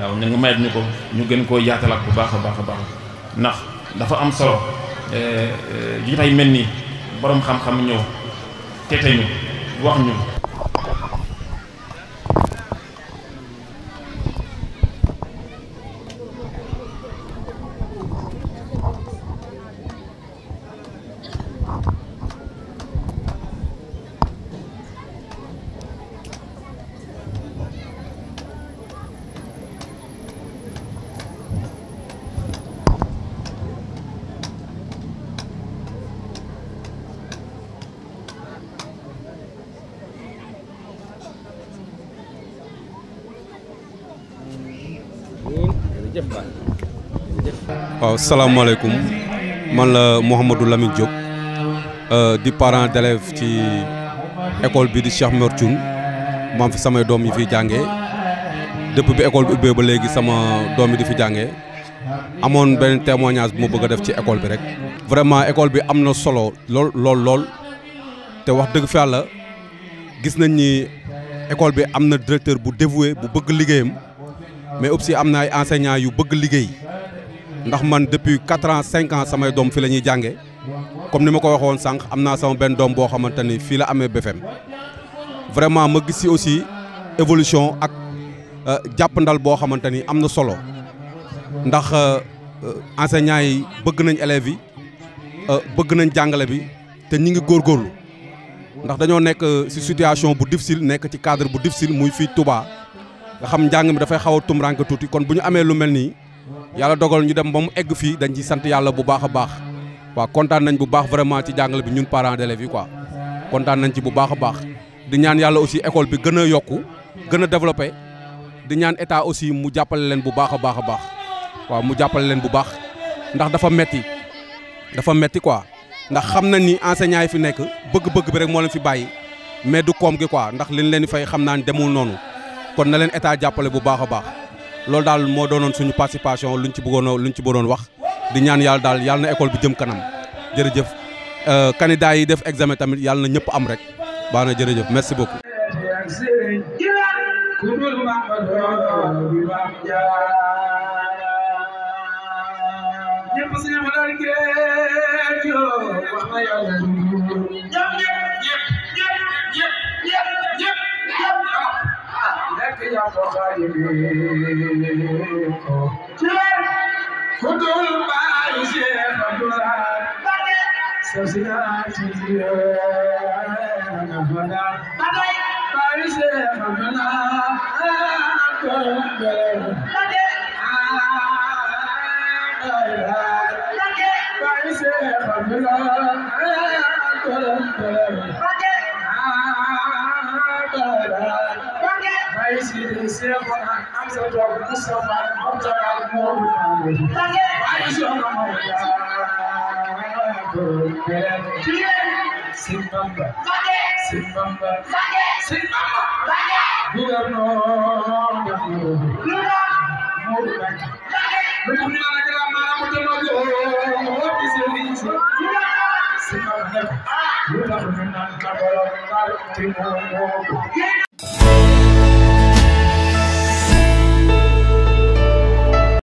waaw ñu ngi mayet ñu ko ñu gën koo yaatalaat bu baax a baax a baax ndax dafa am solo eh, eh, jotaay mel nii borom xam-xam ñëw teete ñu wax ñu salaamaaleykum man la Mouhamadou Lamine Diop euh, di parent d'élève ci école bi di Cheikh Mor Thioune maam fi samay doom yi fiy jàngee dëpp bi école bi ubbee ba léegi sama doom yi di fi jàngee amoon benn témoignage bu ma bëgg a def ci école bi rek. vraiment école bi am na solo lool lool lool te wax dëgg fi yàlla gis nañ ni école bi am na directeur bu dévoué bu bëgg liggéeyam mais aussi am na ay enseignants yu bëgg liggéey. ndax man depuis quatre ans cinq samay doom fii la ñuy jàngee comme ni ma ko waxoon sànq am naa sama benn doom boo xamante ni fii la amee BFM vraiment ma gis si aussi évolution ak euh, jàppandal boo xamante ni am na solo ndax euh, euh, enseignants yi bëgg nañ élèves yi bëgg nañ jàngale bi te ñu ngi góor góorlu ndax dañoo nekk si situation bu difficile nekk ci cadre bu difficile muy fii Touba nga xam njàng mi dafay xaw a tumranke tuuti kon bu ñu amee lu mel nii. yàlla dogal ñu dem ba mu egg fii dañ ci sant yàlla bu baax a baax waaw kontaan nañ bu baax vraiment ci jàngale bi ñun parent d'élèves yi quoi kontaan nañ ci bu baax a baax di ñaan yàlla aussi école bi gën a yokku gën a développé di ñaan état aussi mu jàppale leen bu baax a baax a baax waaw mu jàppale leen bu baax ndax dafa metti dafa metti quoi ndax xam nañ ni enseignants yi fi nekk bëgg-bëgg bi rek moo leen fi bàyyi mais du koom gi quoi ndax liñ leen di fay xam naa ne demul noonu kon na leen état jàppale bu baax a baax loolu daal moo doonoon suñu participation luñ ci bëggoon luñ ci bëggoon wax di ñaan yàlla daal yàlla na école bi jëm kanam jërëjëf euh, candidat yi def examen tamit yàlla na ñëpp am rek baax na jërëjëf merci beaucoup. yàqu xaali bi ko. ci loolu. futul baay Cheikh Abdoulaye. sosinaati yéena. baay Cheikh Abdoulaye. Thank you. Aisha Sefa Hamza Mustafa Murtala Muhammad Aisha Simbamba Simbamba Simbamba Gouvernement Simbamba Simbamba